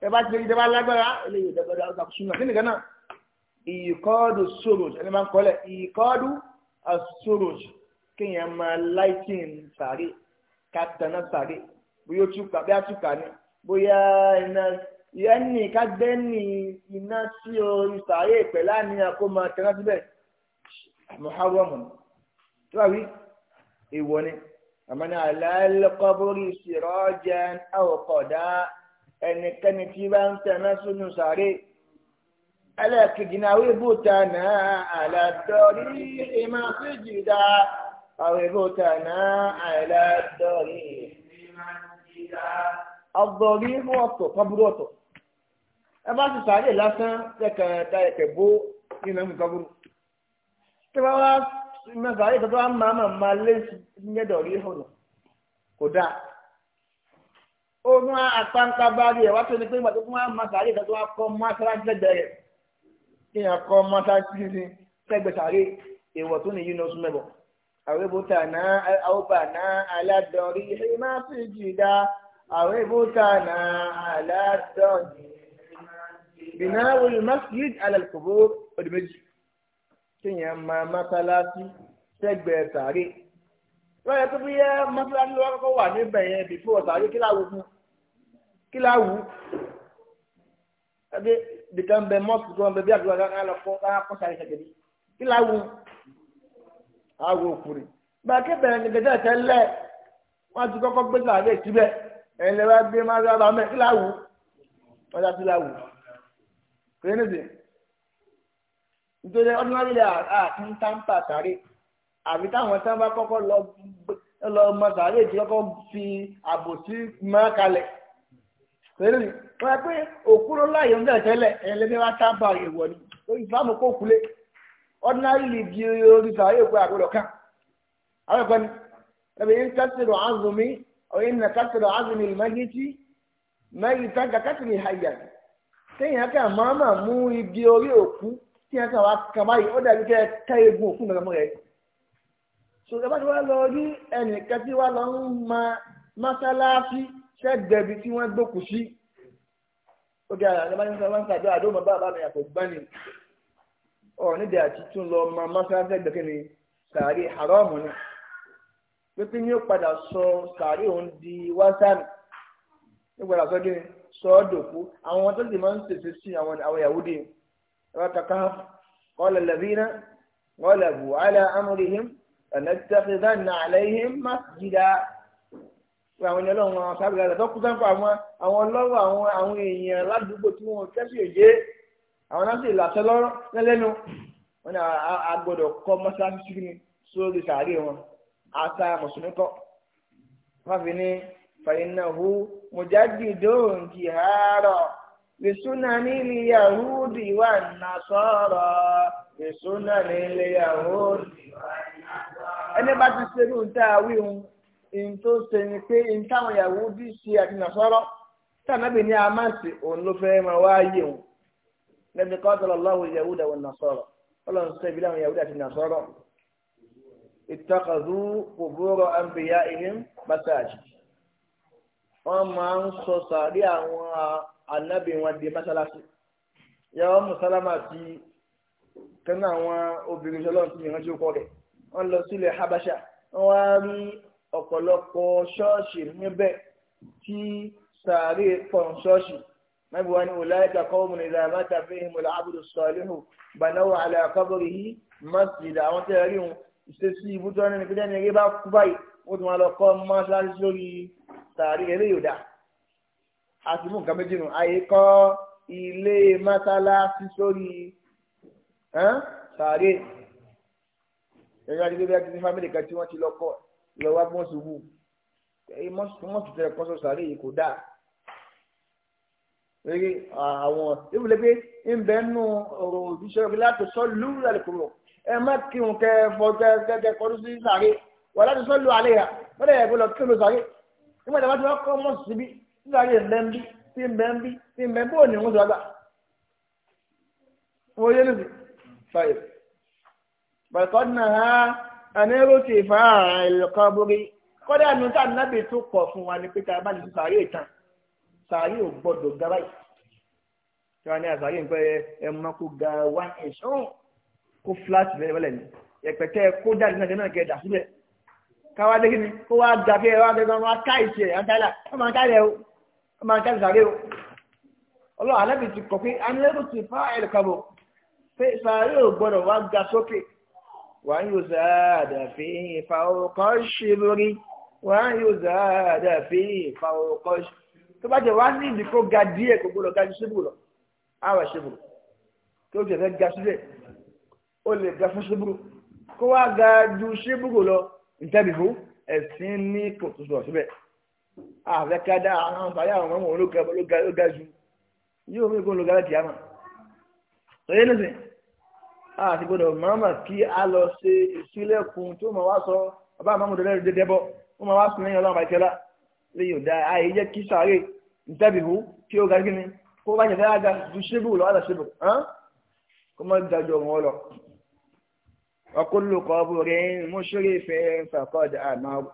ẹ bá ti dẹ́gbẹ́ ìjọba lágbára eléyìí ìjọba ọ̀dà súnmọ́ kí nìkan náà ìkọ́ọ̀dù soroj ẹni máa ń kọ́lẹ̀ ìkọ́ọ̀dù soroj kéèyàn máa láìkìn sàárè kàtàná sàárè bóyá ó túkà bí á túkà ni bóyá iná ìyẹ́nì kágbẹ́nì iná sí orí sàárè pẹ̀lú àníyàn kó máa tẹ̀lé síbẹ̀ muhammadu tí wàá wí àmọ́nà àlàálẹ́kọ́bórì sìrọ́jà àwòkọ̀dá ẹnikẹ́ni tí bá ń tẹ̀ná sínú sàárè ẹlẹ́ẹ̀kejì náà wíwú ta náà àlàdọ́rí ìmọ̀ síjìdá àwíwú ta náà àlàdọ́rí ìmọ̀ síjìdá. ọgbọ̀rí fún ọ̀tọ̀ kọ́búrú ọ̀tọ̀ ẹ bá ti sàárè lásán kẹkẹ̀ẹ́ da bó nínú ẹ̀mú tí wọ́n wá mẹ́fà yìí tọ́tọ́ àmà àmà máa lé nígbẹ̀dọ̀ rí hàn kò dáa. Oòrùn àpáńpá bá rí ẹ̀ wá tó ní pé ìgbàdókùn máa máa sàárè tọ́tọ́ akọ́ mọ́sálásí lẹ́gbẹ̀ẹ́ rẹ̀. Kí ni akọ́ mọ́sálásí sí sẹ́gbẹ̀ẹ́ sàárè èèwọ̀ tó ní yín lọ́sùn mẹ́bọ̀. Àwébùtà náà àwòbà náà aládọ̀rí ẹ̀ máa fi jìdá. Àwébùtà náà aládọ̀rí. Bìnnáwó masjid alàlùkòbó òdìméjì kéèyàn máa mọ́sálásí sẹ́gbẹ̀ẹ́ sàárè lọ́yẹ tó bí yẹ mọ́sálásí lọ́wọ́ kọ́kọ́ wà níbẹ̀ yẹn bìfú ọ̀sàárè kí láwù fún kí láwù ẹbí bìkan bẹ mọ́ọ̀sì tó ń bẹ bí àdúrà kankan lọ fún káwọn kọ́ sàárè sẹ́gbẹ̀ẹ́ bí kí láwù àwọ òkùnrin gbàgbé bẹ̀rẹ̀ ní gẹ́gẹ́ tẹ́lẹ̀ wọ́n ti kọ́kọ́ gbé sàárè síbẹ̀ ẹ̀yin nítorí ọdúnwájú lè àti ń àbí táwọn tán bá kọ́kọ́ lọ mọ sáré tí kọ́kọ́ fi àbòsí mọ́ kalẹ̀ pẹ̀lú ni wọ́n yẹ pé òkúrò láàyè ń bẹ̀rẹ̀ tẹ́lẹ̀ ẹlẹ́ni wá tábà ìwọ̀ ni ìfàmù kò kulé ordinary league bí orí sàárè òkú àgbọ̀dọ̀ kan àwọn ń tí wọn kàn wá kàn báyìí ó dàbí kẹ ká egun òfin gbàgbọ́ rẹ so ẹ bá ti wá lọ rí ẹnìkan tí wàá lọ ń ma mọ́sálásí sẹ́gbẹ̀bi tí wọ́n gbókù sí ó dé àrà ní sọ wọn sàdó àdó bàbá mi àpò gbani ọ nídìí àti tún lọ ma mọ́sálásí sẹ́gbẹ̀kẹ́ ni sàárè haramu ni pépé ni ó padà sọ sàárè òun di wásáàmì ó padà sọ kí ni sọ ọ́ dòkú àwọn tó sì máa ń ṣèṣe sí àwọn ìyàwó dé yìí. رتقاف قال الذين غلبوا على أمرهم لنتخذن عليهم مسجدا àwọn ènìyàn lọ́wọ́ àwọn sábẹ́ rẹ̀ tó kú sáńpọ̀ àwọn àwọn ọlọ́rọ̀ àwọn àwọn èèyàn ládùúgbò tí wọ́n kẹ́sì òye àwọn náà làṣẹ lọ́rọ̀ lẹ́lẹ́nu wọn ni a kọ́ mọ́ṣáláṣí sí ni sórí sàárè wọn àṣà mùsùlùmí kọ́ wọ́n ní fàyínà hu mùjáde dóhùn jìhárọ̀ بسنن اليهود والنصارى بسنن اليهود ẹni bá ti ṣe irú tá a wí hun in tó ṣe ni pé in táwọn Yahudi ṣe àti nàṣọ́rọ́ tànàbì ní amáǹtì òun ló fẹ́ máa wá yé hun lẹ́bi kọ́ tọ́lọ̀ lọ́wọ́ Yahudi àwọn nàṣọ́rọ́ ọlọ́run ṣe ibi láwọn Yahudi àti nàṣọ́rọ́ ìtọ́kàdú kòbóró àǹbìyá ìhín masajid wọ́n máa ń sọ sàrí àwọn anabi wọn di mọ́ṣáláṣí yàrá mùsálámà ti kánà àwọn obìnrin ṣọlọ́run ti yànjú kọ́ rẹ̀ wọ́n lọ sílẹ̀ habasha wọ́n á rí ọ̀pọ̀lọpọ̀ ṣọ́ọ̀ṣì níbẹ̀ tí sàárè pọ̀n ṣọ́ọ̀ṣì nàbí wọn ni ọ̀làyíkà kọ́ọ̀mù ìlà mẹ́ta fi hìmù làbùdù sọ̀lẹ́hù bànáwó àlẹ́ àkọ́bọ̀rì yìí mọ́sídà àwọn tẹ̀ rí wọn ṣe sí ibùdó ọ̀nà nípínlẹ̀ ní eré bá kú báyìí wọ́n ti wọn lọ kọ́ mọ́ṣáláṣí lórí sàárè eré yòdà a ti mú nǹkan méjì nù àyè kọ́ ilé mọ́sálásí sórí sàárè ẹ̀rọ adé lórí akíní fámìlì kan tí wọ́n ti lọ kọ́ lọ wá bọ́n ṣubú èyí mọ́tò tẹ̀ kọ́ sọ sàárè yìí kò dáa rí àwọn ìwúlẹ̀ pé ń bẹ́ẹ̀ nù ọ̀rọ̀ òṣìṣẹ́ rẹ̀ láti sọ lù lálẹ́kùnrin ẹ má kí n kẹ́ fọ́ kẹ́ kọ́dún sí sàárè wọ́n láti sọ lù alẹ́ yà wọ́n lè yẹ kó lọ kí n lọ sàárè nígbà tí wọ́n kọ́ mọ́ síbi nígbà yẹn mbẹ́mbí sí mbẹ́mbí sí mbẹ́mbí ni wọ́n sọ àgbà wọ́n yé lùbí fàyè bàtọ́dún náà anẹ́rọ́tì fàá ẹ̀lẹ́kọ́bùrí kọ́dà ní tá nábì tó kọ̀ fún wa ni pété abáni tó sàárè tán sàárè ò gbọ́dọ̀ ga báyìí tí wọ́n ní àsàárè ń pẹ́ ẹ mọ́ ga wá ẹ̀sán kó flat lẹ́wọ́lẹ̀ ni ẹ̀pẹ̀tẹ́ kó jáde náà náà kẹ́ dà síbẹ̀ káwá dé kí ni kó wá ga kí ẹ wá gbẹgbẹ́ wọn ká ìṣe ẹ̀ ń tẹ́lẹ̀ wọ́n máa ká ilẹ̀ o ọmọ nǹkan sàárè o ọlọ́run alábì ti kọ̀ pé anilẹ́kùn ti fa ẹ̀lẹ́kàbọ̀ pé sàárè ò gbọ́dọ̀ wá ga sókè wàá yóò záàdà fi ìfà ọkọ̀ ṣe lórí wàá yóò záàdà fi ìfà ọkọ̀ ṣe tó bá jẹ wàá ní ìdí kó ga díẹ̀ kó gbọ́dọ̀ ga ju síbù lọ àwọ̀ síbù tó jẹ fẹ́ ga síbẹ̀ ó lè ga fún síbù kó wá ga ju síbù lọ ìtẹ́bìfú ẹ̀sìn ní kò tó sọ̀ síbẹ̀ àfẹ́kádá àwọn àǹfààní àwọn ọmọ òun ló ga jù yóò mú ìgbóhùn ló ga láti yá mà lóye nísìn àti gbọdọ̀ màmá kí a lọ ṣe ìsílẹ̀kùn tó máa wá sọ bàbá àmàmù dẹ́rẹ́ dédé bọ́ ó máa wá sùn lẹ́yìn ọlọ́run àìkẹ́lá lè yóò da àyè jẹ́ kí sàárè ìtẹ́bìhù kí ó ga gíní kó bá jẹ́ fẹ́ ga ju ṣébù lọ́wọ́ àdà ṣébù kó má ga ju ọ̀run ọlọ ọkùnrin ló kọ́ ọ́ bó rẹ̀ ń mú ṣeré ìfẹ́ fàkọ́ọ̀dà àmàwò.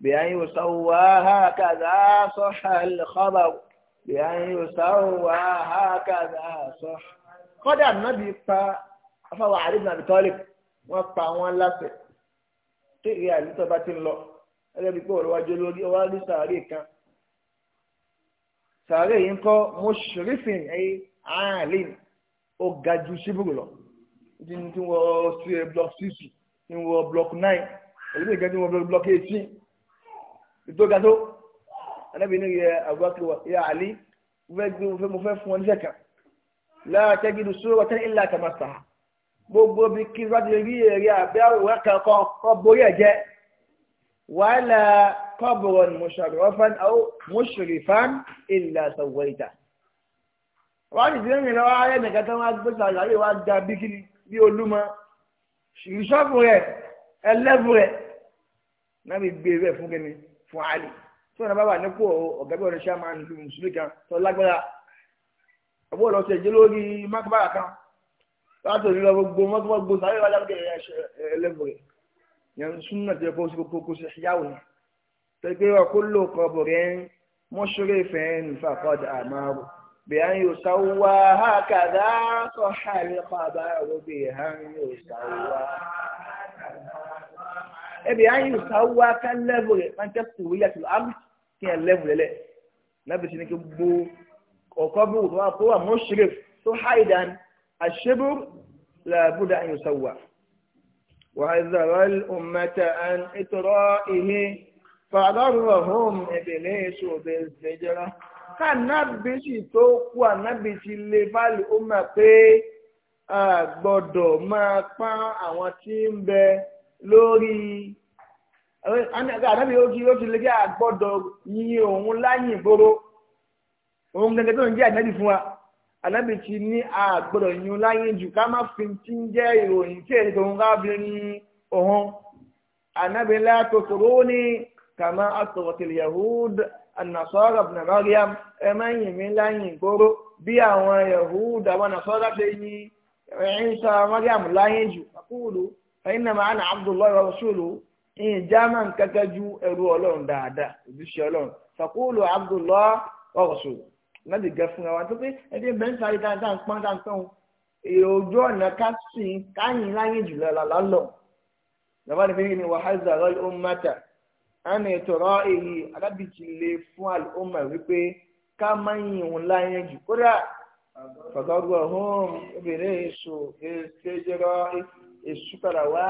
بأن يسواها كذا صح الخبر بأن يسواها كذا صح kódà nàbí pa afáwọn àríbìnà àbítọ́lì wọ́n pa wọ́n láṣẹ tí ìrìn àlítọ́ bá ti ń lọ ẹgbẹ́ bíi pé ọ̀rọ̀ wájú olórí ọwọ́ ní sàárè kan sàárè yìí ń kọ́ mọ́ṣúrífìn ẹ̀yìn àárín ó ga ju síbùrù lọ ní ti wọ sí block six ní wọ block nine èyí lè gẹ́gẹ́ ní wọ block eighteen ìgbóga tó anábì ní yẹ abubakar yà ali mo fẹ́ fún ọ níṣẹ́ kan láàtẹ́ gidi sórí ọtẹ́ ilé àtàmásá gbogbo bí kí wájú rí èrè àbẹ́ àwòrán kan kan kọ́ borí ẹ̀ jẹ́ wàhálà kọ́bùrọ̀ mùsàrọ̀fán àwọn mùsùlùfán ilé àtàwọ̀ ìta wọ́n ti dín ìrìnà wáyé nìkan tó wá gbé sàlàyé wá ga bí kí bí olúmọ ìṣọ́fù rẹ̀ ẹlẹ́fù rẹ̀ náà bí gbé rẹ̀ fún kí ni fún ali tí wọn bá wà nípò ọ̀gá bí ọ̀rẹ́ sàmà ní mùsùlùmí kan tó lágbára àbúrò lọ sí ẹ̀jẹ̀ lórí mákàbára kan láti òní lọ gbogbo mọ́tòmọ́ gbogbo sáré wájà lókè ẹlẹ́bùrẹ́ yẹn ń sún náà tó yẹ kó sí kókó sí yáwò ni tẹ́gbẹ́ ọkọ ló kọ bùrẹ́ mọ́ṣúrẹ́ ìfẹ́ nìfà kọ́dà àmàrò bẹ́ẹ̀ yóò sáwọ́ hákàdá sọ̀hálì pàbá àrò bẹ́ẹ̀ yóò sáwọ́ ẹbí ayé ìsáwá ká lẹ́vù rẹ̀ manchester wíyà tó am kí ẹ lẹ́vù lẹ́lẹ̀ lábẹ́ sí ni kí gbó ọ̀kọ́ bí wò wá kó wà mọ́ ṣeré tó haidan àṣebú làbúdà ayé ìsáwá. وعذر الأمة عن إطرائه فضرهم إبليس بالزجرة kànáàbì sì tó kú ànábì ti lè fáàlì ó mà pé a gbọ́dọ̀ máa pán àwọn lórí àdábì ojú yóò ti lè jẹ́ àgbọ́dọ̀ yín òun láyìn ìgboro òun gẹ́gẹ́ tó ń jẹ́ àdábì fún wa àdábì ti ní àgbọ́dọ̀ yín òun láyìn jù ká má fi ti ń jẹ́ ìròyìn tí èdè òun ká fi ní òun àdábì ńlá tó sòrò ó ní kàmá asọ̀rọ̀tìlì yahud anasọ́rọ̀ ibn Maryam ẹ má yìn mí láyìn ìgboro bí àwọn yahud àwọn anasọ́rọ̀ ṣe yìn Ìsá Maryam láyìn jù àkúrò فإنما أنا عبد الله ورسوله إن جامع ككجو أرو ألون دادا بشي ألون فقولوا عبد الله ورسوله láti gẹ fún wa tó pé ẹdí bẹ́ẹ̀ ń sáré dáadáa ń pọ́n dáadáa ń èrò ojú ọ̀nà ká káyìn láyé jùlọ lálọ́ lọ́wọ́ ni fẹ́ẹ́ ni wàhálà lọ́lẹ́ ó mẹ́ta á ní ìtọ̀rọ̀ èyí alábìtì lè fún àlùmọ̀ wípé ká má yìn òun láyé jù kódà fàgọ́gbọ̀ hóum obìnrin èso èsèjọ́rọ́ èsì. èṣù padà wa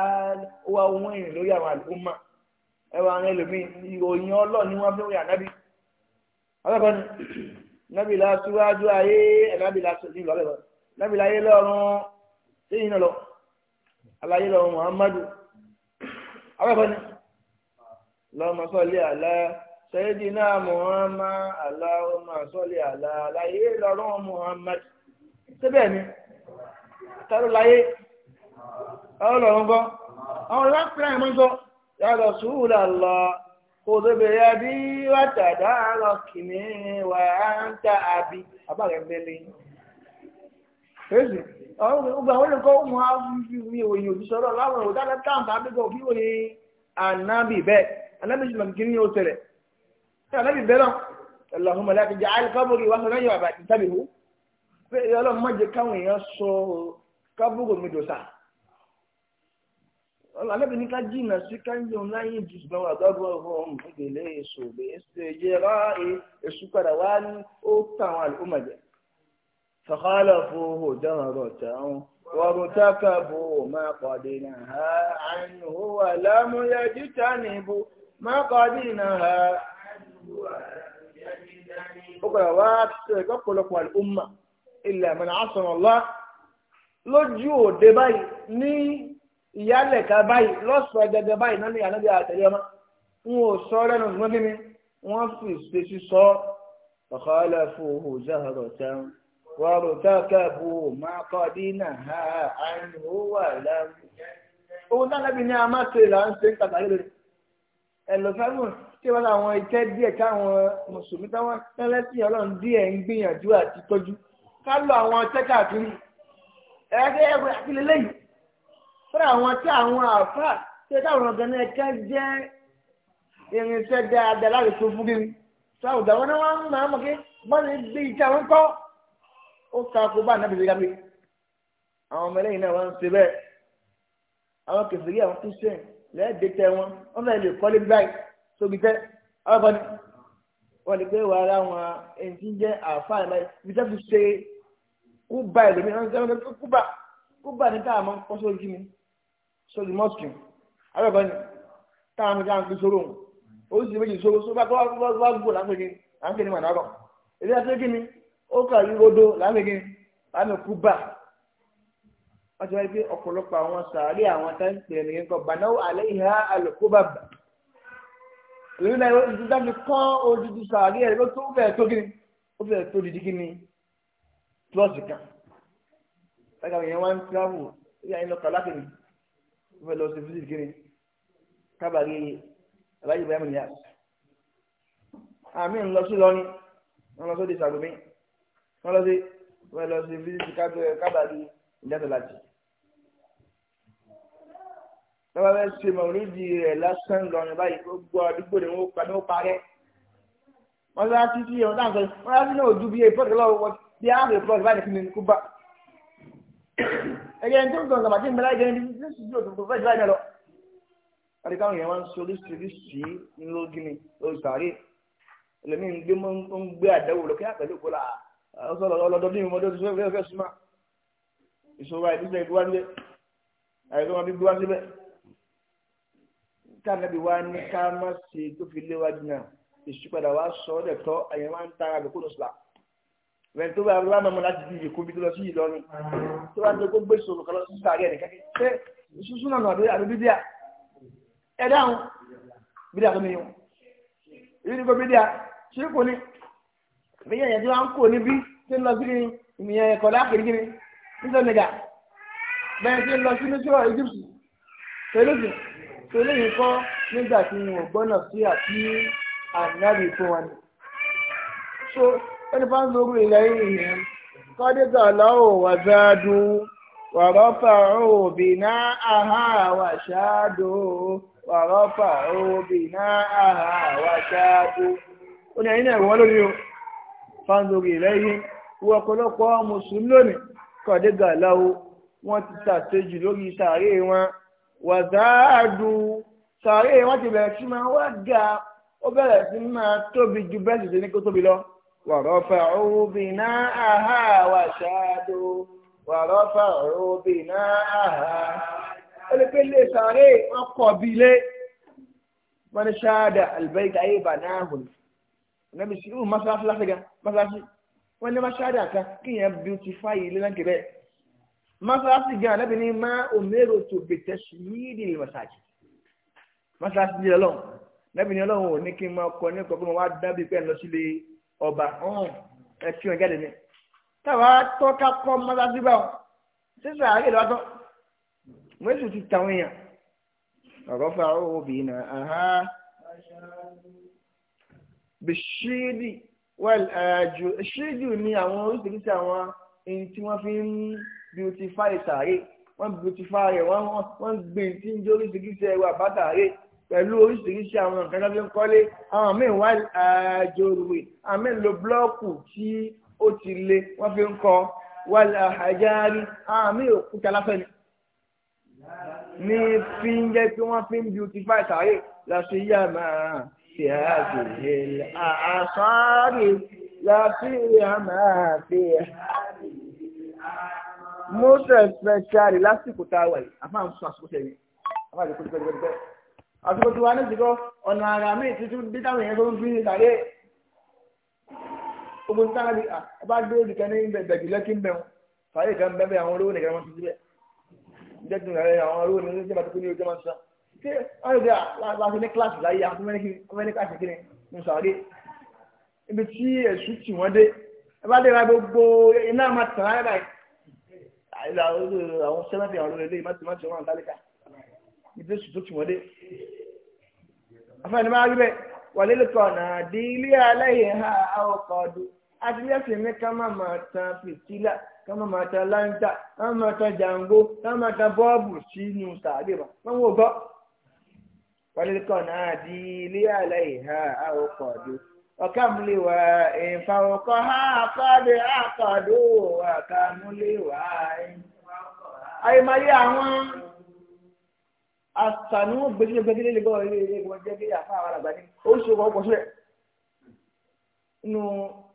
ó wá wọ́n ìrìn lórí àwọn àlùkùnmá ẹwà àwọn ẹlòmíì ìròyìn ọlọ ni wọn fi ń rí ànábì ọlọ́kọ́ ni nábì la síwájú ayé ẹ̀nábì la sọ̀rọ̀ ìlú ọlọ́kọ́ nábì la yé lọ alayé lọ́rùn muhammadu ọlọ́kọ́ ni lọ́mọ sọ́ọ̀lì àlá sẹ́yìdínà muhammad alayé muhammad síbẹ̀ ni láyé. ọ gọ́ àwọn ìwà pẹ̀lú àìmọ́ sọ yàtọ̀ sùúrà lọ ya bí wàtàdá àrọ kìíní wà á ń ta àbí abáàrẹ̀ bẹ́lẹ̀ fèsì ọgbà àwọn olùkọ́ wọn á mi òyìn òjíṣẹ́ ọlọ́run láwọn òdá lẹ́tàn tàbí kò fi òyìn ànábì bẹ́ẹ̀ ànábì ànábì bẹ́ẹ̀ alábìnrin ní ká jìnà sí káyọ̀ láyé jù ṣùgbọ́n wà gbọ́dọ̀ ọ̀hún ìgbèlè èso ìṣèjẹra e, èṣù padà wá ní ó tàwọn àlùmọ̀jẹ̀. fàkàlà fòhò dáhùrọ̀ tàwọn wọ́n tákà bò máa pàdé náà àìnù wà lámúyẹ jíjà níbo máa pàdé náà. ó padà wá ṣẹ̀kọ́ ọ̀pọ̀lọpọ̀ àlùmọ̀ ilẹ̀ àmàlà àṣọ lójú òde báyìí ní ìyálẹ̀ ká báyìí lọ́sọ̀ọ́ gẹ́gẹ́ báyìí náà ní ànábì àtẹ̀lé ọmọ wọn ò sọ lẹ́nu ṣùgbọ́n kí ni wọ́n fi ṣèṣì sọ ọ̀kọ́lẹ̀ fún òhùn jáhọ̀rọ̀ tán wọ́rọ̀ tákàbù mákọ́dínà ha àìníwó wà láàrú. ohun táwọn ẹbí ní a máa ṣe là ń ṣe ń kàtà lórí ẹlòmíràn tí wọ́n láwọn iṣẹ́ díẹ̀ táwọn mùsùlùmí táwọn tẹ́lẹ́sìn ọlọ́run díẹ̀ ń gbìyànjú àti tọ́jú ká lọ àwọn iṣẹ́ káàkiri ẹ̀ẹ́dẹ́gbẹ̀rún àti fúnra àwọn tí àwọn àfà ṣe táwọn ọ̀gá náà ká jẹ́ irinṣẹ́ dáadáa láti tó fún kiri sọ àwùjọ àwọn náà wọn máa mọ̀ kí wọ́n ti gbé iṣẹ́ àwọn kọ́ ó ka kó bá ànábìsí gábé àwọn ọmọ ẹlẹ́yìn náà wọ́n ń ṣe bẹ́ẹ̀ àwọn kẹfìrí àwọn kristian lẹ́ẹ̀dẹ́ tẹ wọn wọ́n fẹ́ẹ́ lè kọ́lé báyìí sóbi tẹ́ àwọn kan ní wọ́n lè pé wàá rà wọn ẹni jẹ́ àáfàá ẹ̀ kúbà ẹ̀ lómi wọ́n ń sẹ́wọ́n kúbà kúbà ní táwọn máa ń kọ́ sójú mi sórí mọ́sùkì àbẹ̀kọ́ ni táwọn ọmọdé àwọn gbé sóró òun oríṣi méjì sóró sóró bá tó wá gbó láńpẹ̀kì láńpẹ̀kì màdàrọ̀ èdè àti kí ni ó kà yí rodo láńpẹ̀kì láńpẹ̀ kú bá wọ́n ti wáyé pé ọ̀pọ̀lọpọ̀ àwọn sàárè àwọn táǹpì ẹ̀nìyẹn kọ bànáwó alẹ́ ìhà àlùkóbà bà èmi náà ìdúdá mi kán odidi sàárè ẹ̀ ló tó fẹ́ẹ̀ tó kí ni ó fẹ́ẹ̀ tó didi kí ni plọ́ọ̀sì kan. Lágbàdo yẹn wá ń tíráwù ìyá yẹn lọ kà lákìrì ó fẹ́ lọ sí físítì kiri kábàárì aláyé ibrahim niyas àmì ńlọ sí lọ́ní wọn lọ sóde ìsàgbọ̀mí wọn lọ sí wọn lọ sí físítì kábàárì ìdátọ̀lájì tọ́ba bẹ́ẹ̀ ṣe mọ̀ nídìí rẹ̀ lásán lọ́rin báyìí ó gbọ́ àdúgbò ni wọ́n pa ni wọ́n parẹ́ wọ́n sá títí ọ̀hún dáhùn sọ́yìn wọ́n sá títí náà ojú bíi èèpọ̀ tẹ́lẹ̀ wọ́n bí ẹ̀jẹ̀ ní tó ń sọ̀rọ̀ sàmàtí ìmẹ́lá ẹ̀jẹ̀ ní tó ń sọ̀rọ̀ tó fẹ́ jù láì lọ. àti káwọn èèyàn wá ń soríṣiríṣi lójú ni lórí sàárè ẹlẹ́mìí ń gbé ń gbé àdáwò lọ kí á pẹ̀lú ìkólà ọlọ́dọọdún ìmọ̀ tó ti fẹ́ fẹ́ súnmọ́ ìṣòro àìdíjẹ ìdúwà níbẹ̀ àìsàn wọn bí gbúwà síbẹ̀ ká nàbí wá ní ká má ṣe tó fi léwájú náà ìṣúpadà wá sọ ọ́ dẹ̀ tọ́ àyẹ̀wò à ń tara àgbẹ̀kúnnù sílá wẹ́n tó bá rárá mọ́mọ́ láti di ìyèkó bí tó lọ sí Ìlọrin tó bá tó kó gbé sòrò kan lọ sí sàárì ẹ̀ nìkan ṣe ṣúṣú náà àbí àbí bídíà ẹ dáhùn bídíà tó níyàn èyí ni kò bídíà ṣé kò ní bí yẹn tí wọ́n kò níbí tí ń lọ sí ni ìmìyàn ẹ̀kọ́ láàkiri kiri ní sẹ́nìgà bẹ́ẹ̀ tí ń lọ sí nísúrọ̀ Egypt tẹlifí tẹlifí kọ́ ẹni bá ń zorú ilẹ̀ yìí kọ́dígà lọ́wọ́ wà záádú wàrọ́fà òbí náà àhá wà ṣáádó wàrọ́fà òbí náà àhá wà ṣáádó. ó ní ẹ̀yin náà wọ́n lórí o fáńdórí ilẹ̀ yìí wọ ọ̀pọ̀lọpọ̀ mùsùlùmí lónìí kọ́dígà lọ́wọ́ wọ́n ti ṣàṣejù lórí sàárè wọn wà sàárè wọn ti bẹ̀rẹ̀ sí máa wá ga ó bẹ̀rẹ̀ sí máa tóbi ju bẹ́ẹ̀ sì ṣe ní kó tóbi lọ. ورفعوا بناءها وشادوا ورفعوا بناءها الكل صاري قبيله من شاد البيت اي بناه النبي سيو مسرح لفجا مسرح wọ́n ní masáàdà kan kíyàn beautify ilé náà kébẹ̀. masáàsì gan alábì ní má omero tó bètè ṣìyídì ní masáàjì. masáàsì jẹ́ ọlọ́run nábì ní ọlọ́run ò ní kí n máa kọ ní kọ́kọ́ máa wá dábì pẹ́ lọ sílé ọba ọ̀hún ẹ fi hàn jáde ní. táwa tọ́ka kọ́ mọ́sáàsì bá wọn sísè àárẹ̀ lọ́wọ́ tán wọ́n èsì ti tàwọn èèyàn ọ̀rọ̀ fún àwọn obìnrin náà bishidi well ju ṣídìí ni àwọn oríṣiríṣi àwọn ẹni tí wọ́n fi ń beautify sàárè wọ́n beautify rẹ̀ wọ́n gbìn tí ń jó oríṣiríṣi ẹwà bá sàárè pẹ̀lú oríṣiríṣi àwọn nǹkan tó fi ń kọ́lé àwọn míì wá àjòrùwè àwọn míì lo búlọ́ọ̀kù tí ó ti le wọ́n fi ń kọ́ wà àjárí àwọn míì òkúta láfẹ́ ni. ní fi ń jẹ́ pé wọ́n fi ń beautify sáré lọ́sí yá máa fi àgbègbè àṣàárè lọ́sí yá máa fi most especially lásìkò tá a wà yìí àfáà ń sọ àsìkò sẹ́yìn àfáà lè kó tó bẹ́ẹ̀ bẹ́ẹ̀ àsìkò tiwa ní ìsìnkọ́ ọ̀nà àrà mí tuntun bí táwọn èèyàn tó ń fi ìtàlẹ́ gbogbo ní táwọn ẹ bá dúró nìkan ní bẹ̀gì lẹ́kí ń bẹ̀rù fàáyé kan bẹ́ẹ̀ bẹ́ẹ̀ àwọn olówó nìkan wọn ti síbẹ̀ jẹ́tù rẹ̀ àwọn olówó nìkan ní ìjọba tó ní ojú máa ń sọ ṣé ọ̀rọ̀ bí wàá ní kíláàsì láyé àwọn tó mẹ́rin kíláàsì kí ni ń sọ̀rọ̀ ibi tí èṣù tì wọ́n dé ẹ bá dé ra gbogbo iná máa tàn án rẹ̀ báyìí àwọn sẹ́mẹ́tì àwọn olóòlè má ti má ti wọ́n àtàlẹ́kà ìfẹ́sù tó tún wọlé afẹ́ni máa rí bẹ́ẹ̀ wà lélùkọ́ ilé ha àwọ̀kọ̀ ọdún àti lẹ́sẹ̀ mi ká má máa tan fìtílà ká má máa tan láńtà ká má máa tan jàǹgbó ká má bọ́ọ̀bù ma wò gbọ́. ha àwọ̀kọ̀ ọdún ọ̀ká múlé ha àkọ́dé ayé àṣà ni wọ́n gbẹ́dílé gbẹ́dílé lè gbọ́ ilé ilé wọn jẹ́ bí àfa àwọn àgbà ni ó ṣe wọ́n pọ̀ sílẹ̀ nínú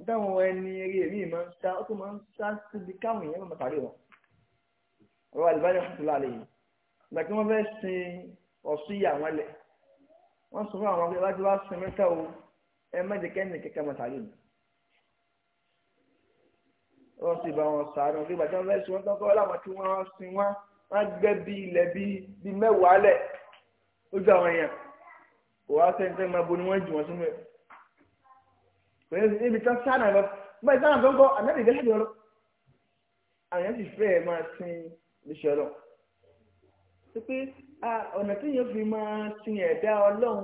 dáhùn ẹni eré èmi máa ń sá ó tún máa ń sá síbi káwọn èèyàn máa tàrí wọn ọ̀rọ̀ àlùbáyọ̀ fún tòlá lẹ́yìn ìgbà tí wọ́n fẹ́ sin ọ̀sùn yà wọ́n lẹ̀ wọ́n sọ fún àwọn ọmọ ìwádìí wá sin mẹ́ta o ẹ mẹ́jẹ kẹ́ni kẹ́kẹ́ máa tàrí mi wọ́n sì bá wọ́n gbẹ́ bí ilẹ̀ bí bí mẹ́wàá lẹ̀ lójú àwọn èèyàn kò wá sẹ́ni tẹ́ máa bo ni wọ́n jù wọ́n sínú ẹ̀ kò ní ibi tán sáànà lọ bá ìsáànà tó ń kọ́ ànábì gẹ́gẹ́ bí ọlọ́ àwọn èèyàn sì fẹ́ ẹ̀ máa sin iṣẹ́ ọlọ́ pé ọ̀nà tí yóò fi máa sin ẹ̀dá ọlọ́run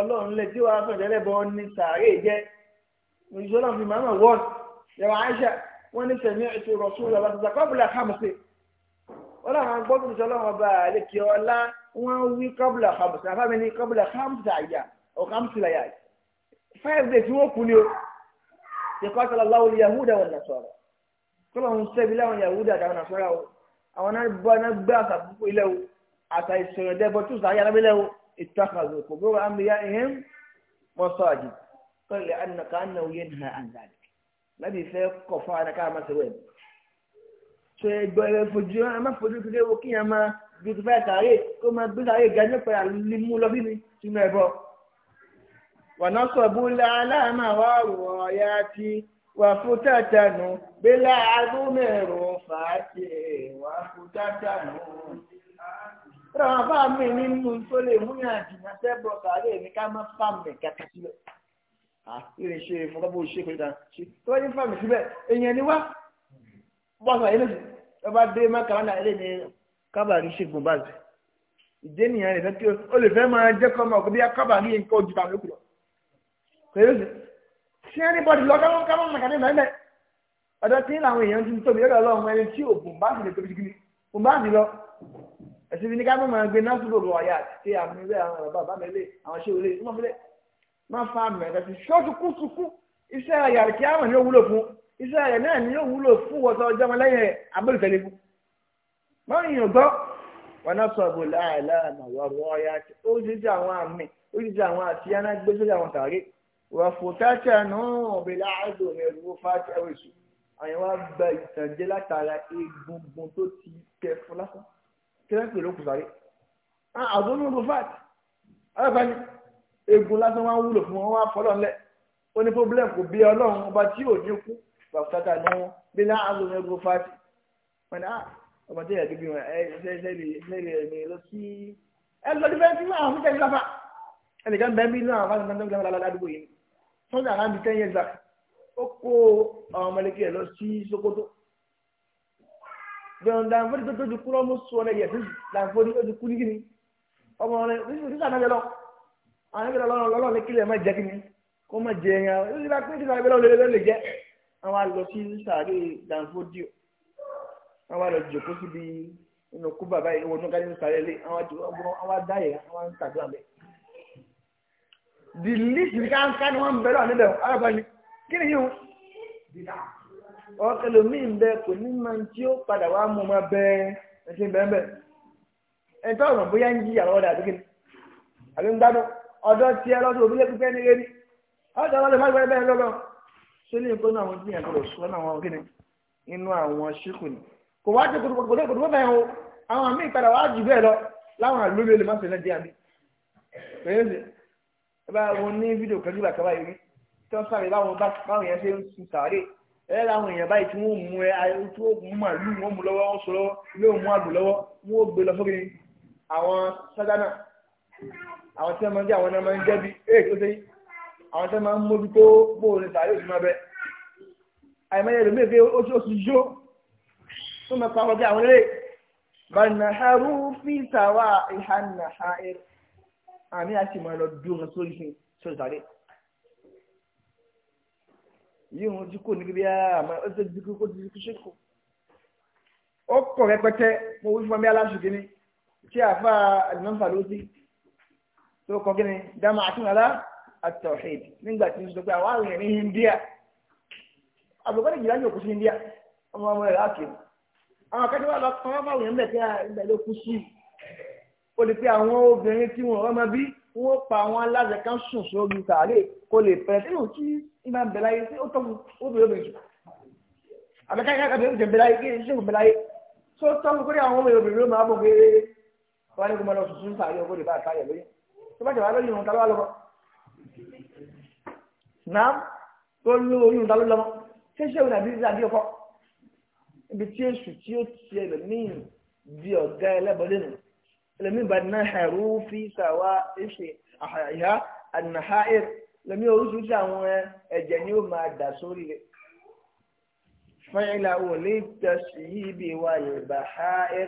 ọlọ́run lẹ tí wàá fẹ̀jẹ̀ lẹ́bọ̀ ní sàárè jẹ́ ìṣọ́nà fi máa ń wọ́ọ̀sì yàrá wọn làwọn gbọ́dọ̀ tó sọlọ́wọ́ ọba àlekè ọlá wọn wí kọ́bùlà hamsa afáàmì ní kọ́bùlà hamsa àyà ọ̀ hamsa àyà five days tí wọ́n kú ni o ṣèkọ́ sọlá láwùlì yahuda wọn nasara kọ́lọ̀ ń sẹ́bi láwọn yahuda àtàwọn nasara o àwọn náà bọ́ náà gbé àṣà púpọ̀ ilẹ̀ o àṣà ìṣòro dẹ́gbọ́ tó sàáyà lábẹ́lẹ̀ o ìtàkàzọ̀ kò gbé wọn àmì mọ́sáàjì kọ́lẹ̀ ànàkà ànàwó yẹn nà àǹdàlẹ̀ lábì fẹ́ kọ̀ fún ànàkà àmàṣẹ́wẹ̀ mi sọ ẹgbọ́ ẹ fojú ẹ má fojú kékeré wo kí yẹn máa beautify sàárè kó máa gbé sàárè ga ní ọ̀pẹ àlímú lọ bí mi sínú ẹ̀bọ. wọ̀nà sọ̀bù la aláàmà wà wọ̀ ọ̀yà ti wà fún tàtànù bílà agbómẹ̀rù fàájì wà fún tàtànù. Ràn bá mi nínú tó lè múyàn àjìnà sẹ́bọ̀ sàárè mi ká má fàmì kàkà sílẹ̀. Àti ìrìnsè ìfọwọ́bù ṣe pé ta ṣe tó ní fàmì bọ́sùn eléyìí tó bá dé mọ́kànlá eléyìí ni kábàárì ṣègùn báàzì ìdí nìyẹn rẹ̀ kí o lè fẹ́ máa jẹ́ kọ́ ọmọ òkú bí kábàárì yẹn kó ju tàbí kúrò pẹ̀lú sí ẹni bọ́dì lọ káwọn káwọn mọ̀kànlá mẹ́mẹ́ ọ̀dọ́ tí làwọn èèyàn ti tóbi lọ́dọ̀ ọlọ́run ẹni tí òògùn bá sì lè tóbi jìgìlì òògùn bá sì lọ ẹ̀sìn fi ní ká máa gbé násìkò bọ̀ ọ̀yà àti àmì ilé àwọn ọ̀rọ̀ bàbá mi lé àwọn ṣé olè má fa àmì ẹ̀ka sí ṣọ́ọ̀tù kú sùkú iṣẹ́ àyàrìkí iṣẹ́ rẹ̀ náà ni yóò wúlò fún wọ́sọ ọjọ́ wọn lẹ́yìn abẹ́lùfẹ́lẹ́ fún. wọ́n yìnyín gbọ́ wọn náà sọ bò láàlá àmàwọ̀ ọ̀yà tí ó ti di àwọn àmì ó ti di àwọn àti yánná gbé sórí àwọn tàrí wọ́n fò tájà náà bẹ̀lẹ́ àádọ́ mi rú fájà wẹ̀sù àyàn wá gba ìtànjẹ látara egungun tó ti kẹ fún lásán kí lẹ́sìn ló kù sáré àdónú rú fájà ọlọ́pàá ni egun lásán wá wúlò fún wọn wá fọlọ́ ńlẹ̀ ó ní pọ́blẹ́mù kò bí ọlọ́run ọba tí ò ní kú pàtàkì náà bí náà àlọ́ ní ogun fati wọn ni ọmọ tó yẹ kí bí wọn ẹ ṣẹlẹ̀ ṣẹlẹ̀ ẹni lọ sí ẹ lọ sí fẹẹ fi máa fún tẹlifà fà ẹnìkan bẹ́ẹ̀ bí náà fásitì náà tó ń gbẹmọ ládùúgbò yìí sọdọ àrán bíi ten years back ó kó àwọn ọmọlẹ́kẹ́ lọ sí Sokoto gbẹ̀rún dànfọ́dí tó tójú kúrọ́ mú sọ ọ́nà yẹ̀tú dànfọ́dí tó tójú kú nígbìní ọmọ rẹ oṣù tó sànà lọ àwọn ẹgbẹ́ lọ́lọ́ lọ́lọ́ ní kílẹ̀ má jẹ́ kíní kó má jẹ ẹ̀yàn oṣù tó sànà lọ́lọ́ lè jẹ́ wọ́n wá lọ sí sàárè danfodio wọ́n wá lọ jòkó síbi inú kú bàbá yìí wọ́n nùgá nínú sàárè lé wọ́n wá dá yẹ wọ́n ń tàgbà bẹ́ẹ̀. the least bí káńká ni wọ́n ń bẹ̀rẹ̀ àníbẹ̀ alábà ni kí ni yíyún. ọ̀kẹ́lómìn bẹ kò ní máa ń tí ó padà wá mú ma bẹ́ẹ̀ ẹ̀ ti bẹ́ẹ̀ bẹ́ẹ̀ ẹ̀ tọ́ ọ̀nà bóyá ń jí àwọn ọ̀dà àdúgbò àbí ń gbádùn ọ̀dọ́ tiẹ̀ lọ́dún òbí lẹ́kùn fẹ́ẹ́ ní ṣé lè gbóná àwọn tí yẹn gbọdọ̀ sọ náà wọn kíni inú àwọn ṣíkù ni kò wá jẹ́ kòtòkòtò kòtòkòtò bẹ́ẹ̀ o àwọn àmì ìpadà wá jù bẹ́ẹ̀ lọ láwọn àlóbi olè má ṣe lẹ́jẹ̀ àmì pẹ̀lú ẹ bá wọn ní fídíò kan nígbà kan báyìí tí wọ́n sáré báwọn báwọn yẹn ṣe ń sun sàárè ẹ láwọn èèyàn báyìí tí wọ́n mú ẹ tí wọ́n mú màálù wọ́n mú lọ́wọ́ wọ́n sọ lọ́wọ́ ilé àwọn tẹ́ máa ń mójútó bóòlù sàárè òsì máa bẹ àìmọye ẹ̀rọ mẹ́fẹ́ oṣooṣù yó tó máa pa ọjà àwọn eré banaharu fi sàwà ìhànà ha ẹ̀rọ àmì àti ìmọ̀ ẹ̀rọ dùn ún sórí fi sórí sàárè yìí wọn ti kó níbi bí àmọ́ ó ti dìkú kó ti dìkú ṣèkó ó kọ̀ rẹpẹtẹ mo wí fún mi aláṣù kìíní tí àfa àdìmọ́fà ló ti tó kọ kí ni dáhùn àtúnwàlá at-tawhid nígbà tí ń sọ pé àwọn àrùn ní India àbùkọ́ ní ìjìlá yóò kú sí India ọmọ ọmọ rẹ̀ láti àwọn akẹ́kọ̀ọ́ lọ kọ́ ọ́n fáwọn ẹ̀mẹ́ tí ìgbà ló kú sí ó lè pe àwọn obìnrin tí wọn ọmọ bí wọn pa àwọn aláṣẹ kan sùn sórí kàálẹ̀ kó lè pẹ́ tí yóò tí ìgbà ń bẹ̀rẹ̀ ayé tí ó tọ́wọ́ obìnrin obìnrin jù àbẹ̀kẹ́kẹ́ àbẹ̀rẹ̀ náà tó ló oyún ta ló lọ́mọ ṣé ṣé òun àbí àbí ọkọ ibi tí èṣù tí ó ti ẹlòmíì di ọ̀gá ẹlẹ́bọ̀dé nù ẹlòmíì bá ná ẹ̀rú fi sàwa ẹ̀ṣẹ̀ àhàyà ànàhà ẹ̀rù ẹlòmíì oríṣiríṣi àwọn ẹ̀jẹ̀ ni ó máa dà sórí rẹ̀ fẹ́ẹ́lá ò lè tẹ̀sí yìí bí wa yorùbá ha ẹ̀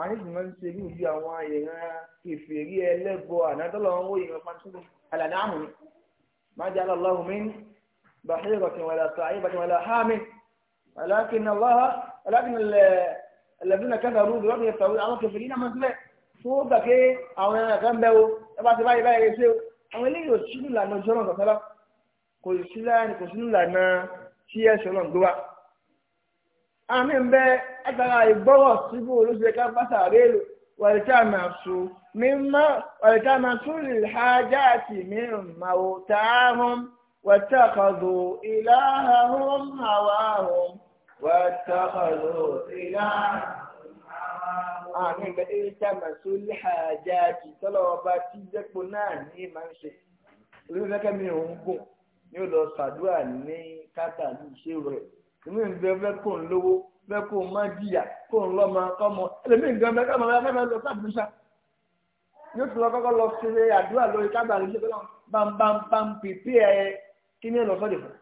àwọn ìsìn máa ń ṣe bí ojú àwọn ìran kẹfìrí ẹlẹ́bọ ànátọ́lọ́wọ́ ìran pàṣẹ àlànà àmọ́ ما جعل الله من بحيرة ولا صعيبة ولا حامل ولكن الله ولكن الذين كفروا بربهم يفترون على الكافرين مثلا fún gbà pé àwọn ẹran kan bẹ́ẹ̀ o ẹ bá ti báyìí báyìí rẹ ṣe o àwọn eléyìí ò sínú ìlànà ojú ọ̀nà sọ̀tọ́lá kò sí láàrin kò sínú ìlànà tí ẹ ṣọ̀nà gbé wa. àmì ń bẹ ẹgbẹ̀rún àìgbọ́rọ̀ síbò olóṣèlú ká bá sàárè lò wà lè tí àmì àṣọ مما التمسوا الحاجات من موتاهم واتخذوا إلههم هواهم واتخذوا إلههم àmì ìgbẹ́dẹ́ ìtàmà sórí àjà àti tọ́lọ́ọba tí jẹ́pọ̀ náà ní máa ń ṣe olùfẹ́kẹ́ mi ò ń gùn ní ó lọ ṣàdúrà ní kátà ní ìṣirò rẹ̀ èmi yóò tún lọ kọ́kọ́ lọ ṣe àdúrà lórí kábàárì ilé kọ́lọ́ bambambam pèpè ẹ kí ni ẹ lọ sọ́dì fún.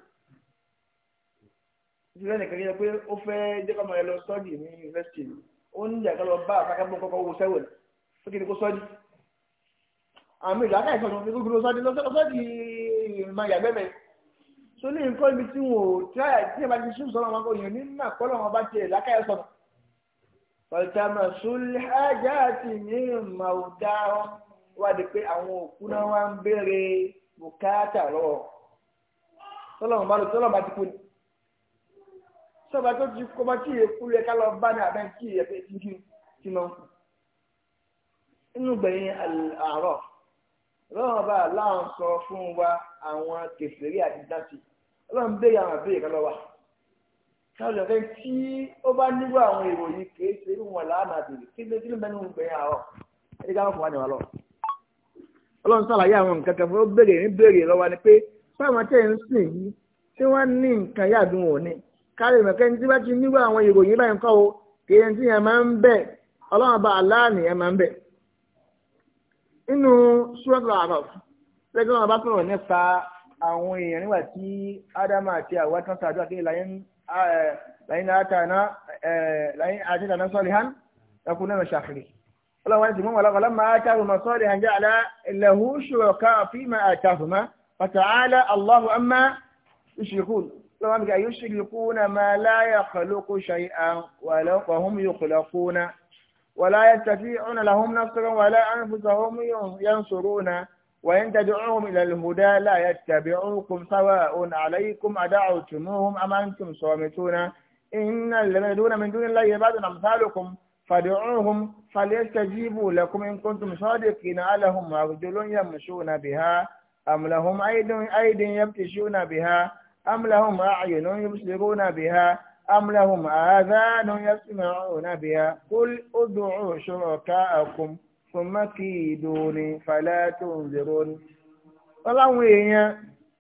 ìṣẹ̀lẹ̀ nìkan yẹ pé ó fẹ́ jẹ́kọ̀ọ́ mọ̀ ẹ lọ sọ́dì ní yunifásitì ó ní ìyàgbọ́ lọ bá àfàkàbọ̀ kọ́kọ́ wo sẹ́wọ̀n tó kí ni kó sọ́dì. àmì ìlú akáyẹ̀kọ́ tó ń fi gbogbo sọ́dì lọ sọ́dì ìmọ̀ ìyàgbẹ́mẹ̀ tó ní nǹkan ibi tí wọn ò tí ọ̀tàmọ̀sùn ájáàtì ní màùtá wádìí pé àwọn òkú náà wá ń béèrè bùkátà lọ́wọ́ tọ́lọ́mù bá lọ tọ́lọ́mù bá ti kú ni sọba tó ti kọ́ bá tí yẹ kú yẹ ká lọ bá ní abẹ́ tí yẹ fẹ́ tí tí lọ. inú gbẹ̀yìn àárọ̀ lọ́wọ́ bá aláwọn sọ fún wa àwọn kẹfẹ́rí àti dáṣì ọlọ́run bẹ́ẹ̀ yà wọn àbẹ́yẹ ká lọ wà káwọn lọ́kẹ́ tí ó bá nílò àwọn èrò yìí kì í ṣe irú wọn láàmà bèrè kí ló kíló mẹ́nu gbẹ̀yìn àárọ̀ ẹni káwọn fún wa ní wa lọ. ọlọ́run sàlàyé àwọn nǹkan kan fún ó béèrè ní béèrè lọ́wọ́ ni pé fáwọn tẹ̀ ń sìn yìí tí wọ́n ní nǹkan yàdùn òní kárí mọ̀kẹ́ ní tí bá ti nílò àwọn èrò yìí báyìí kọ́ o kì í ti yẹn máa ń bẹ̀ ọlọ́run bá آه، آه، لين أتانا آه، لين أتينا نصالحا يكون مشاخرين الله وعلى سيدنا ولا ولما آتاه مصالحا جعل له شركاء فيما آتاهما فتعالى الله أما يشركون الله وعلى يشركون ما لا يخلق شيئا ولو وهم يخلقون ولا يتفيعون لهم نصرا ولا أنفسهم ينصرون وإن تدعوهم إلى الهدى لا يتبعوكم سواء عليكم أدعوتموهم أم أنتم صامتون إن الذين من دون الله عباد أمثالكم فادعوهم فليستجيبوا لكم إن كنتم صادقين ألهم رجل يمشون بها أم لهم أيد أيد يبتشون بها أم لهم أعين يبصرون بها أم لهم آذان يسمعون بها قل ادعوا شركاءكم sọmọkì ìdòní fàlẹ́ tó ń zèrò ni wọ́n láwọn èèyàn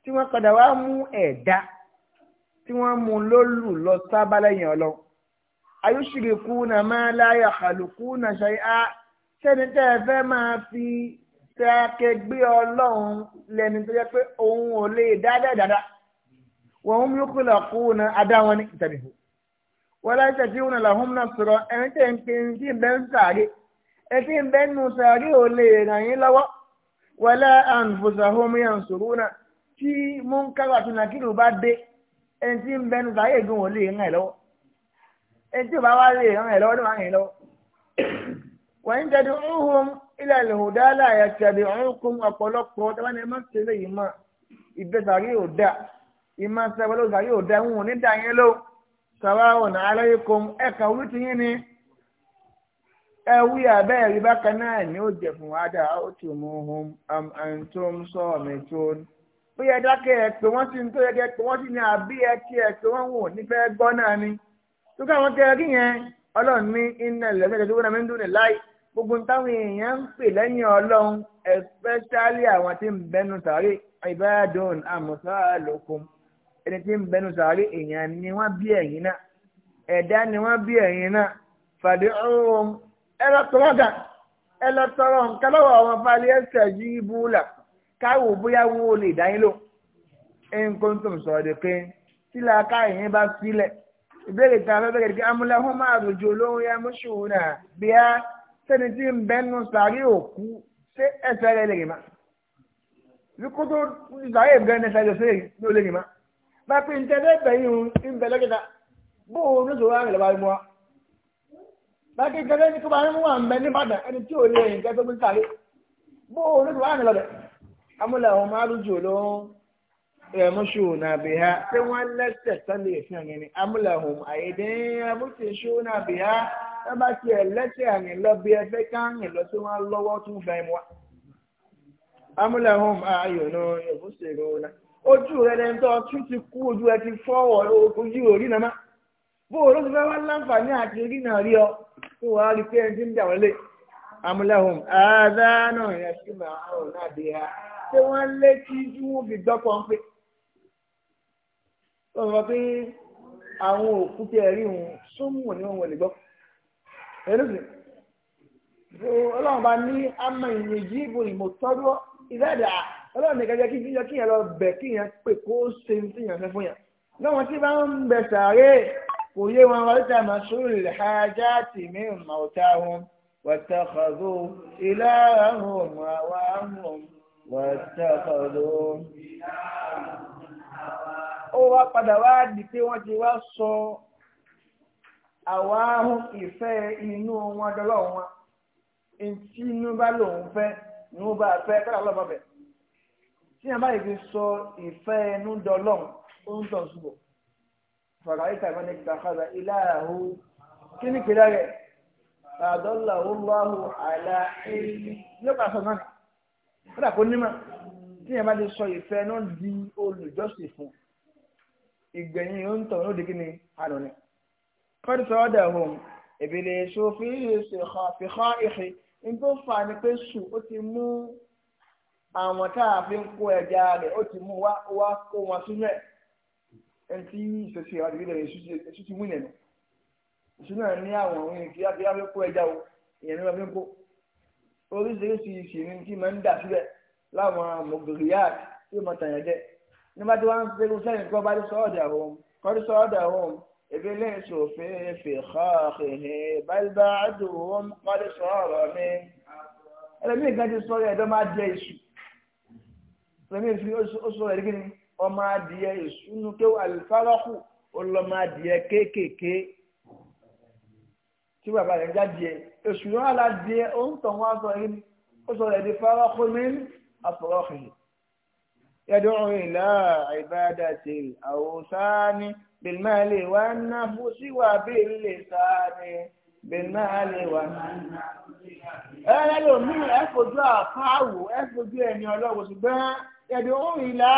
tí wọ́n padà wá mú ẹ̀dá tí wọ́n mú lólù lọ sábàlẹ́yìn ọlọ ayúṣìrì kùnà máa láyà àlùkùnà ṣayé á sẹ́ni tẹ́ ẹ fẹ́ máa fi tẹ́ akẹgbẹ́ ọlọ́run lẹ́ni tó yẹ pé òun ò lè dáadáa dáadáa wọ́n mú yókùlà kùnà adáwọn ní ìtàbí wọ́n láyé tẹ̀síwọ̀n làwọn náà sọ̀rọ̀ ẹni tẹ́ ń pè ní kí n ń sáré ẹtí ń bẹ́nu sàárì ò lè ràn yín lọ́wọ́ wọlé àǹfọ̀sàhómi àǹsòrò náà tí múnkárò àti nàkírù bá dé ẹni tí ń bẹ́nu sàárì ègún ò lè ràn ẹ̀ lọ́wọ́ ẹni tí ò bá wá lè ràn ẹ̀ lọ́wọ́ ló máa lọ́wọ́. wọ́n ń tẹ́tí ọ̀hún ilẹ̀ ìlúhùdá láàyè tẹ̀lé ọ̀hún ọ̀pọ̀lọpọ̀ tẹ́wọ́n ẹ ewu abe bákan náà ni ó jẹ fún wàdà ó ohun um, tó ń sọ ọ̀mẹ tó ń. ó yẹ dákẹ́ ẹ pé won si n to yẹ kẹ́ pé wọ́n sì ní àbí ẹ tí ẹ won wo wò nífẹ̀ẹ́ ni. mi gbogbo táwọn èèyàn ń pè lẹ́yìn ọlọ́run especially àwọn tí ń ẹni tí ń bẹnu sàárè èèyàn ni ẹ lọ tọrọ gà ẹ lọ tọrọ nǹkan lọ́wọ́ àwọn fàlẹ́ ẹ̀sẹ̀ yí búlà káwò bóyá wo lè dáyé lò nǹkan tó ń sọ ọ́dẹ pé sílẹ̀ aká ìyẹn bá sílẹ̀ ìbéèrè kan afẹ́fẹ́ kẹ̀kẹ́ kí amúlẹ́hún máa rojò olóhùn yá mọ́ṣúù náà bí a sẹ́ni tí ń bẹ́nu sàárì òkú ṣé ẹ̀sẹ̀ rẹ̀ lè rìn má bí kó tó sàárì ìbẹ́nu ẹ̀sẹ̀ rẹ̀ ló lè rìn má bá pé ń tẹ́lẹ̀ bẹ̀yìn ń bẹ̀ lọ́kẹ́ta bóun ló sọ wá rẹ̀ lọ́wọ́ báyìí gẹ́gẹ́ ní kí wọ́n mú àwọn mẹ́ nìbàdàn ẹni tí ò lè gẹ́gẹ́ tó bó o lóṣù wà amúlẹ̀ mọ́ṣù ha tí wọ́n lẹ́sẹ̀ ìfihàn yẹn ni amúlẹ̀ àwọn àyèdè amúṣeṣù nàbì ha tábà tí ẹ lẹ́sẹ̀ àyìn lọ bí ẹ káàyìn lọ sí wọn lọ́wọ́ tún fẹ́ wa amúlẹ̀ àwọn ayò náà ìfúnṣèrò tí wọ́n á rí pé ẹni tí ń jà wọ́n lé amúlẹ́hùn àádánù yẹn sí màá ọ̀rọ̀ náà dé ha ṣé wọ́n lé tí wọ́n fi gbọ́ pọ́n pé wọ́n sọ pé àwọn òkú tí ẹ rí òun súnmù ni wọ́n lè gbọ́ ẹlẹ́sìn ọlọ́run bá ní àmọ́ ìyèjì ìbò ìmọ̀ tọ́jú ìdáàdà ọlọ́run nìkan jẹ́ kí yíyan kí yẹn lọ bẹ̀ kí yẹn pè kó ṣe ń tìyàn fẹ́ fún yẹn lọ́wọ́n tí bá ń bẹ̀ sàárè kò yé wọn wàlúùtà masúrù ìlhàjá tì mí màwùtà wọn wàtàkàdó ilé àhùn àwa àhùn wàtàkàdó. ó wá padà wá di pé wọ́n ti wá sọ àwa àhùn ìfẹ́ inú wọn dọ́lọ́ wọn ntí inú bá lòun fẹ́ inú bá fẹ́ kọ́lá lọ́bàbẹ̀ tí yàrá báyìí fi sọ ìfẹ́ inú dọ́lọ́hún ó ń tọ̀ ṣubọ̀. فرأيت من اتخذ إلهه كيف كده فأدله الله على علم يبقى سنان فلا كل ما tí yẹn bá ti sọ ìfẹ́ náà di olùjọ́sìn fún ìgbẹ̀yìn yóò ń tọ̀ ló di kíni àná ni. kọ́dùtà ọ̀dà ọ̀hún ìbílẹ̀ èso fi ìhàn ìhìn ní tó fà ní pé sù ó ti mú àwọn tá a fi ń kó ẹja rẹ̀ ó ti mú wá kó wọn sínú ẹ̀ ẹni tí ìṣẹ̀ṣe àdìgbélẹ̀ èṣù ti wí nẹ̀nu èṣù náà ní àwọn ohun ìkí abẹ́yà fẹ́ kó ẹja o ìyẹn ní wọ́n fi ń kó oríṣiríṣi ìṣìní tí máa ń dà sílẹ̀ láwọn mọ̀gìrìyàt tí wọ́n tàn yẹn jẹ́ nígbà tí wọ́n ń pẹ́rù sẹ́yìn kọ́ bá dé sọ́ọ̀dà wọn kọ́ dé sọ́ọ̀dà wọn ebi lẹ́yìn sòfin fi xaaxìhìn bàbá àdùn wọn dé sọ́ọ̀rọ̀ mi ẹlẹ́mìí kan ti sọ́ọ̀rọ̀ ẹ̀dọ́ máa jẹ èṣù ẹlẹ́mìí fi ó sọ̀rọ̀ ọmọ adìẹ ìsúnú kéwà alifárọ́kù ọlọmọ adìẹ kéékèèké tí bàbá rẹ̀ jáde èṣù náà aládìẹ ó ń tàn wá sọ yìí ó sọ rẹ̀ di fárọ́kù ní àfọ̀rọ̀kù yẹ́dọ̀ ìlà ìbáradà ti àwòsáni bìlmáàlì wà ná fúsíwà bìlì sáni bìlmáàlì wà ná ẹ̀rẹ́ lòmí ẹ̀ fojú àfáàwò ẹ̀ fojú ẹni ọlọ́wọ́ ṣùgbọ́n yẹ́dọ̀ ìlà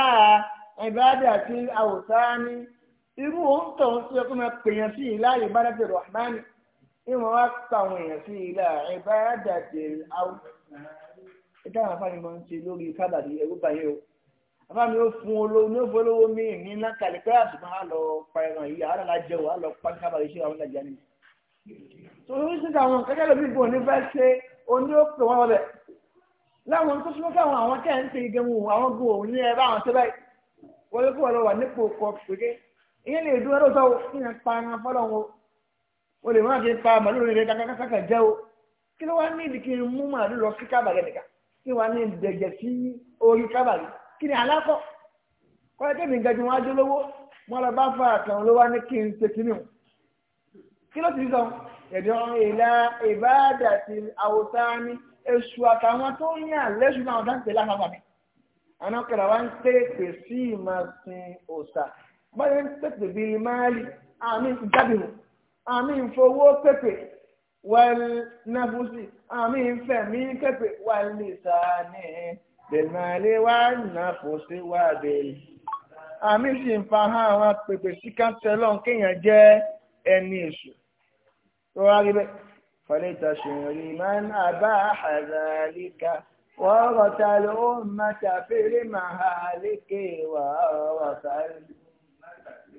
ìbáàdà tí àwòsáni irú òǹtọ̀ ń sọ fún mi pèèyàn sí ilá ìbáàdà tí rahmani ìwọ̀n wá kàwọn èèyàn sí ilá ìbáàdà tí àwòsáni. ìdá àwọn afáàní máa ń ṣe lórí kábàdì ẹrú báyé o afáàní ó fún olówó ní olówó mi ní lákàlẹ̀ pé àtùmọ̀ á lọ pa ẹran yìí àwọn àlá jẹun á lọ pa kábàdì ṣé àwọn àjà nìyí. tòun sí àwọn kẹ́kẹ́ lóbi ìbò ní fẹ́ ṣe oní ó pè wọ́n wọlé láwọn tó fún káwọn àwọn kẹ́ wọ́n lé kó wọ́n lọ wà nípò kọ pèké ìyẹn lè dúró lọ́sọ̀ kí yẹn pa ẹran fọ́lọ́ wọn o lè má fi pa màlúù rẹ kàkàkàkà jẹ́ o kí ló wá ní ìdí kí n mú màlúù lọ sí kábàlẹ̀ nìkan kí wọ́n ní ìdẹ̀jẹ̀ sí orí kábàlẹ̀ kí ni alákọ̀ kọ́ ẹgbẹ́ mi gẹ̀jú wọn á jólówó wọn lọ bá fa àtàwọn ló wá ní kí n ṣe kíní o kí ló ti sọ ẹ̀dọ́ ìlà ìbáàdà ti àwòtá ni èṣù àtàwọn tó ń yàn lẹ́ṣù náà dáńtẹ̀ láfàfà mi. Ana ọkọ̀dà wa ń pèpè sí ìmọ̀ sin òòṣà báyọ̀ ń pèpè bíi máàlì àmì ìjábìmù àmì ìfowó pèpè wàlì nàbùsì àmì ìfẹ̀mí pèpè wàlì sàánì bẹ̀mẹ̀lì wà nàfọ̀sí wà bẹ̀rẹ̀. àmì sì ń fa hàn àwọn pèpè sí káńtẹ́lọ̀ kéèyàn jẹ́ ẹni èṣù tó wá rí bẹ́ẹ̀ fọlẹ́ta ṣèlérí máa ń àbá àzàlíkà. ورث الأمة في المهالك ووصل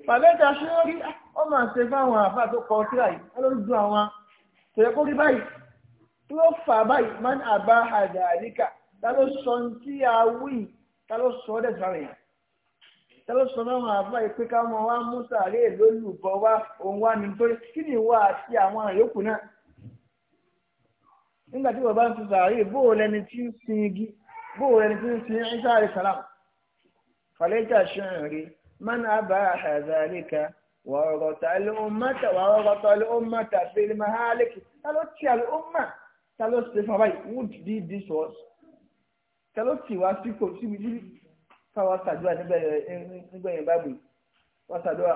Fàbẹ́ta ṣe ó rí ọ máa ṣe fáwọn àfà tó kọ síra yìí, alójú àwọn tẹ̀lé kó rí báyìí. Tí ó fà báyìí, máa ń àbá àjà àríkà, ta ló sọ tí a wí, ta sọ ọ́ dẹ̀sán rẹ̀. ká mọ wá mú sàárè lólùbọ́ wá, òun wá ní pé kí ni ìwọ àti àwọn àyókù náà nígbà tí bàbá ń fi sàárè bóò lẹni tí ń sin igi bóò lẹni tí ń sin isa alayhi salam fàlẹ́jà ṣẹ́rìnrì man abá àzàríkà wà ọ̀rọ̀ta lóòmọ́ta wà ọ̀rọ̀ta lóòmọ́ta fèrè mahálẹ́kì ta ló ti àlóòmà ta ló ṣe fún abáyé would be this was ta ló ti síbi tí káwá sàdúrà nígbẹ̀yìn báàbù wá sàdúrà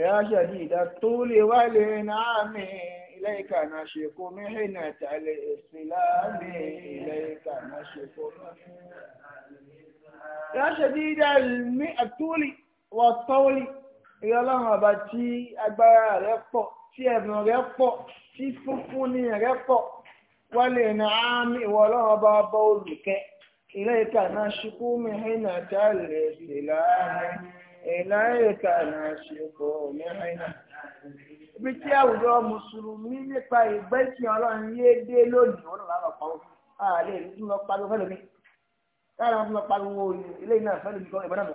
ẹ̀yà ṣàdí ìdá tó lè wá lè náà mìíràn. إليك نشك محنة الإسلام إليك نشك يا شديد الطول والطول ìyá ọlọ́run ọba tí agbára rẹ̀ pọ̀ tí ẹ̀bùn rẹ̀ pọ̀ tí fúnfúnni rẹ̀ pọ̀ wọ́n lè na ámì ìwọ ọlọ́run ọba ọba olùkẹ́ ilé ìka náà ṣubú mi hìnà jáde sí láàárín ilé ìka náà ṣubú mi hìnà ibi tí àwùjọ mùsùlùmí nípa ìgbẹ́ ìsìn ọlọ́run yé dé lónìí wọn náà lọ pariwo a lè rí tún lọ pariwo fẹ́ lómi káàrà wọn tún lọ pariwo eléyìí náà fẹ́ lómi kọ́ ìbọn náà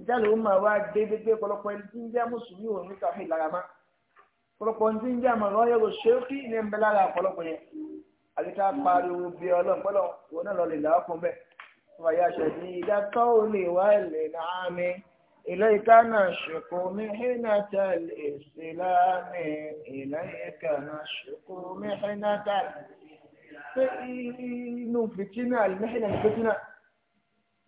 ìjà ló máa wá dé gbégbé ọ̀pọ̀lọpọ̀ ẹni tí ń jẹ́ mùsùlùmí òun ní káfí lára má ọ̀pọ̀lọpọ̀ ẹni tí ń jẹ́ àmọ̀ràn ọ̀yọ́rọ̀ ṣéókì ní ẹ̀mbẹ́ lára ọ̀pọ̀lọpọ̀ yẹn àyíká pariwo bí ọlọ́ọ̀pọ̀lọ̀ òun إليك نشق محنة الإسلام إليك نشق محنة إنه فتنة المحنة الفتنة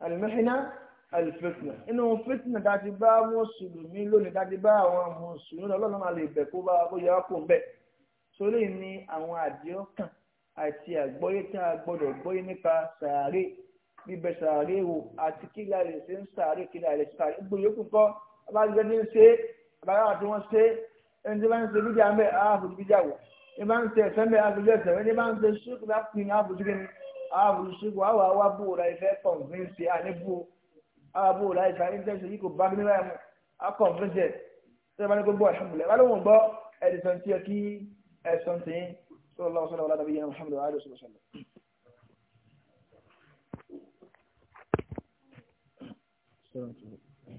المحنة الفتنة إنه فتنة داتي با مسلمين لون داتي با مسلمين الله ما لي بكو با بو يا كو بك sórí ni àwọn àdéhùn kan àti àgbọ́yé tá bíbẹ̀ sàárè wò àti kí láì lè ṣe ń sàárè kí láì lè ṣe sàárè gbogbo yòókù kọ́ abájọ́ ní ṣe abáyọ̀ àti wọ́n ṣe ẹni tí bá ń ṣe bíjà ń bẹ̀ ààbò bíjà wò ní bá ń ṣe ẹ̀fẹ́ ń bẹ̀ ààbò bíjà ẹ̀fẹ́ ní bá ń ṣe ṣúkú bá pin ààbò ṣúkú ni ààbò ṣúkú àwọ̀ àwa bò ra ìfẹ́ kọ̀ǹfẹ́ǹsì àníbù seventy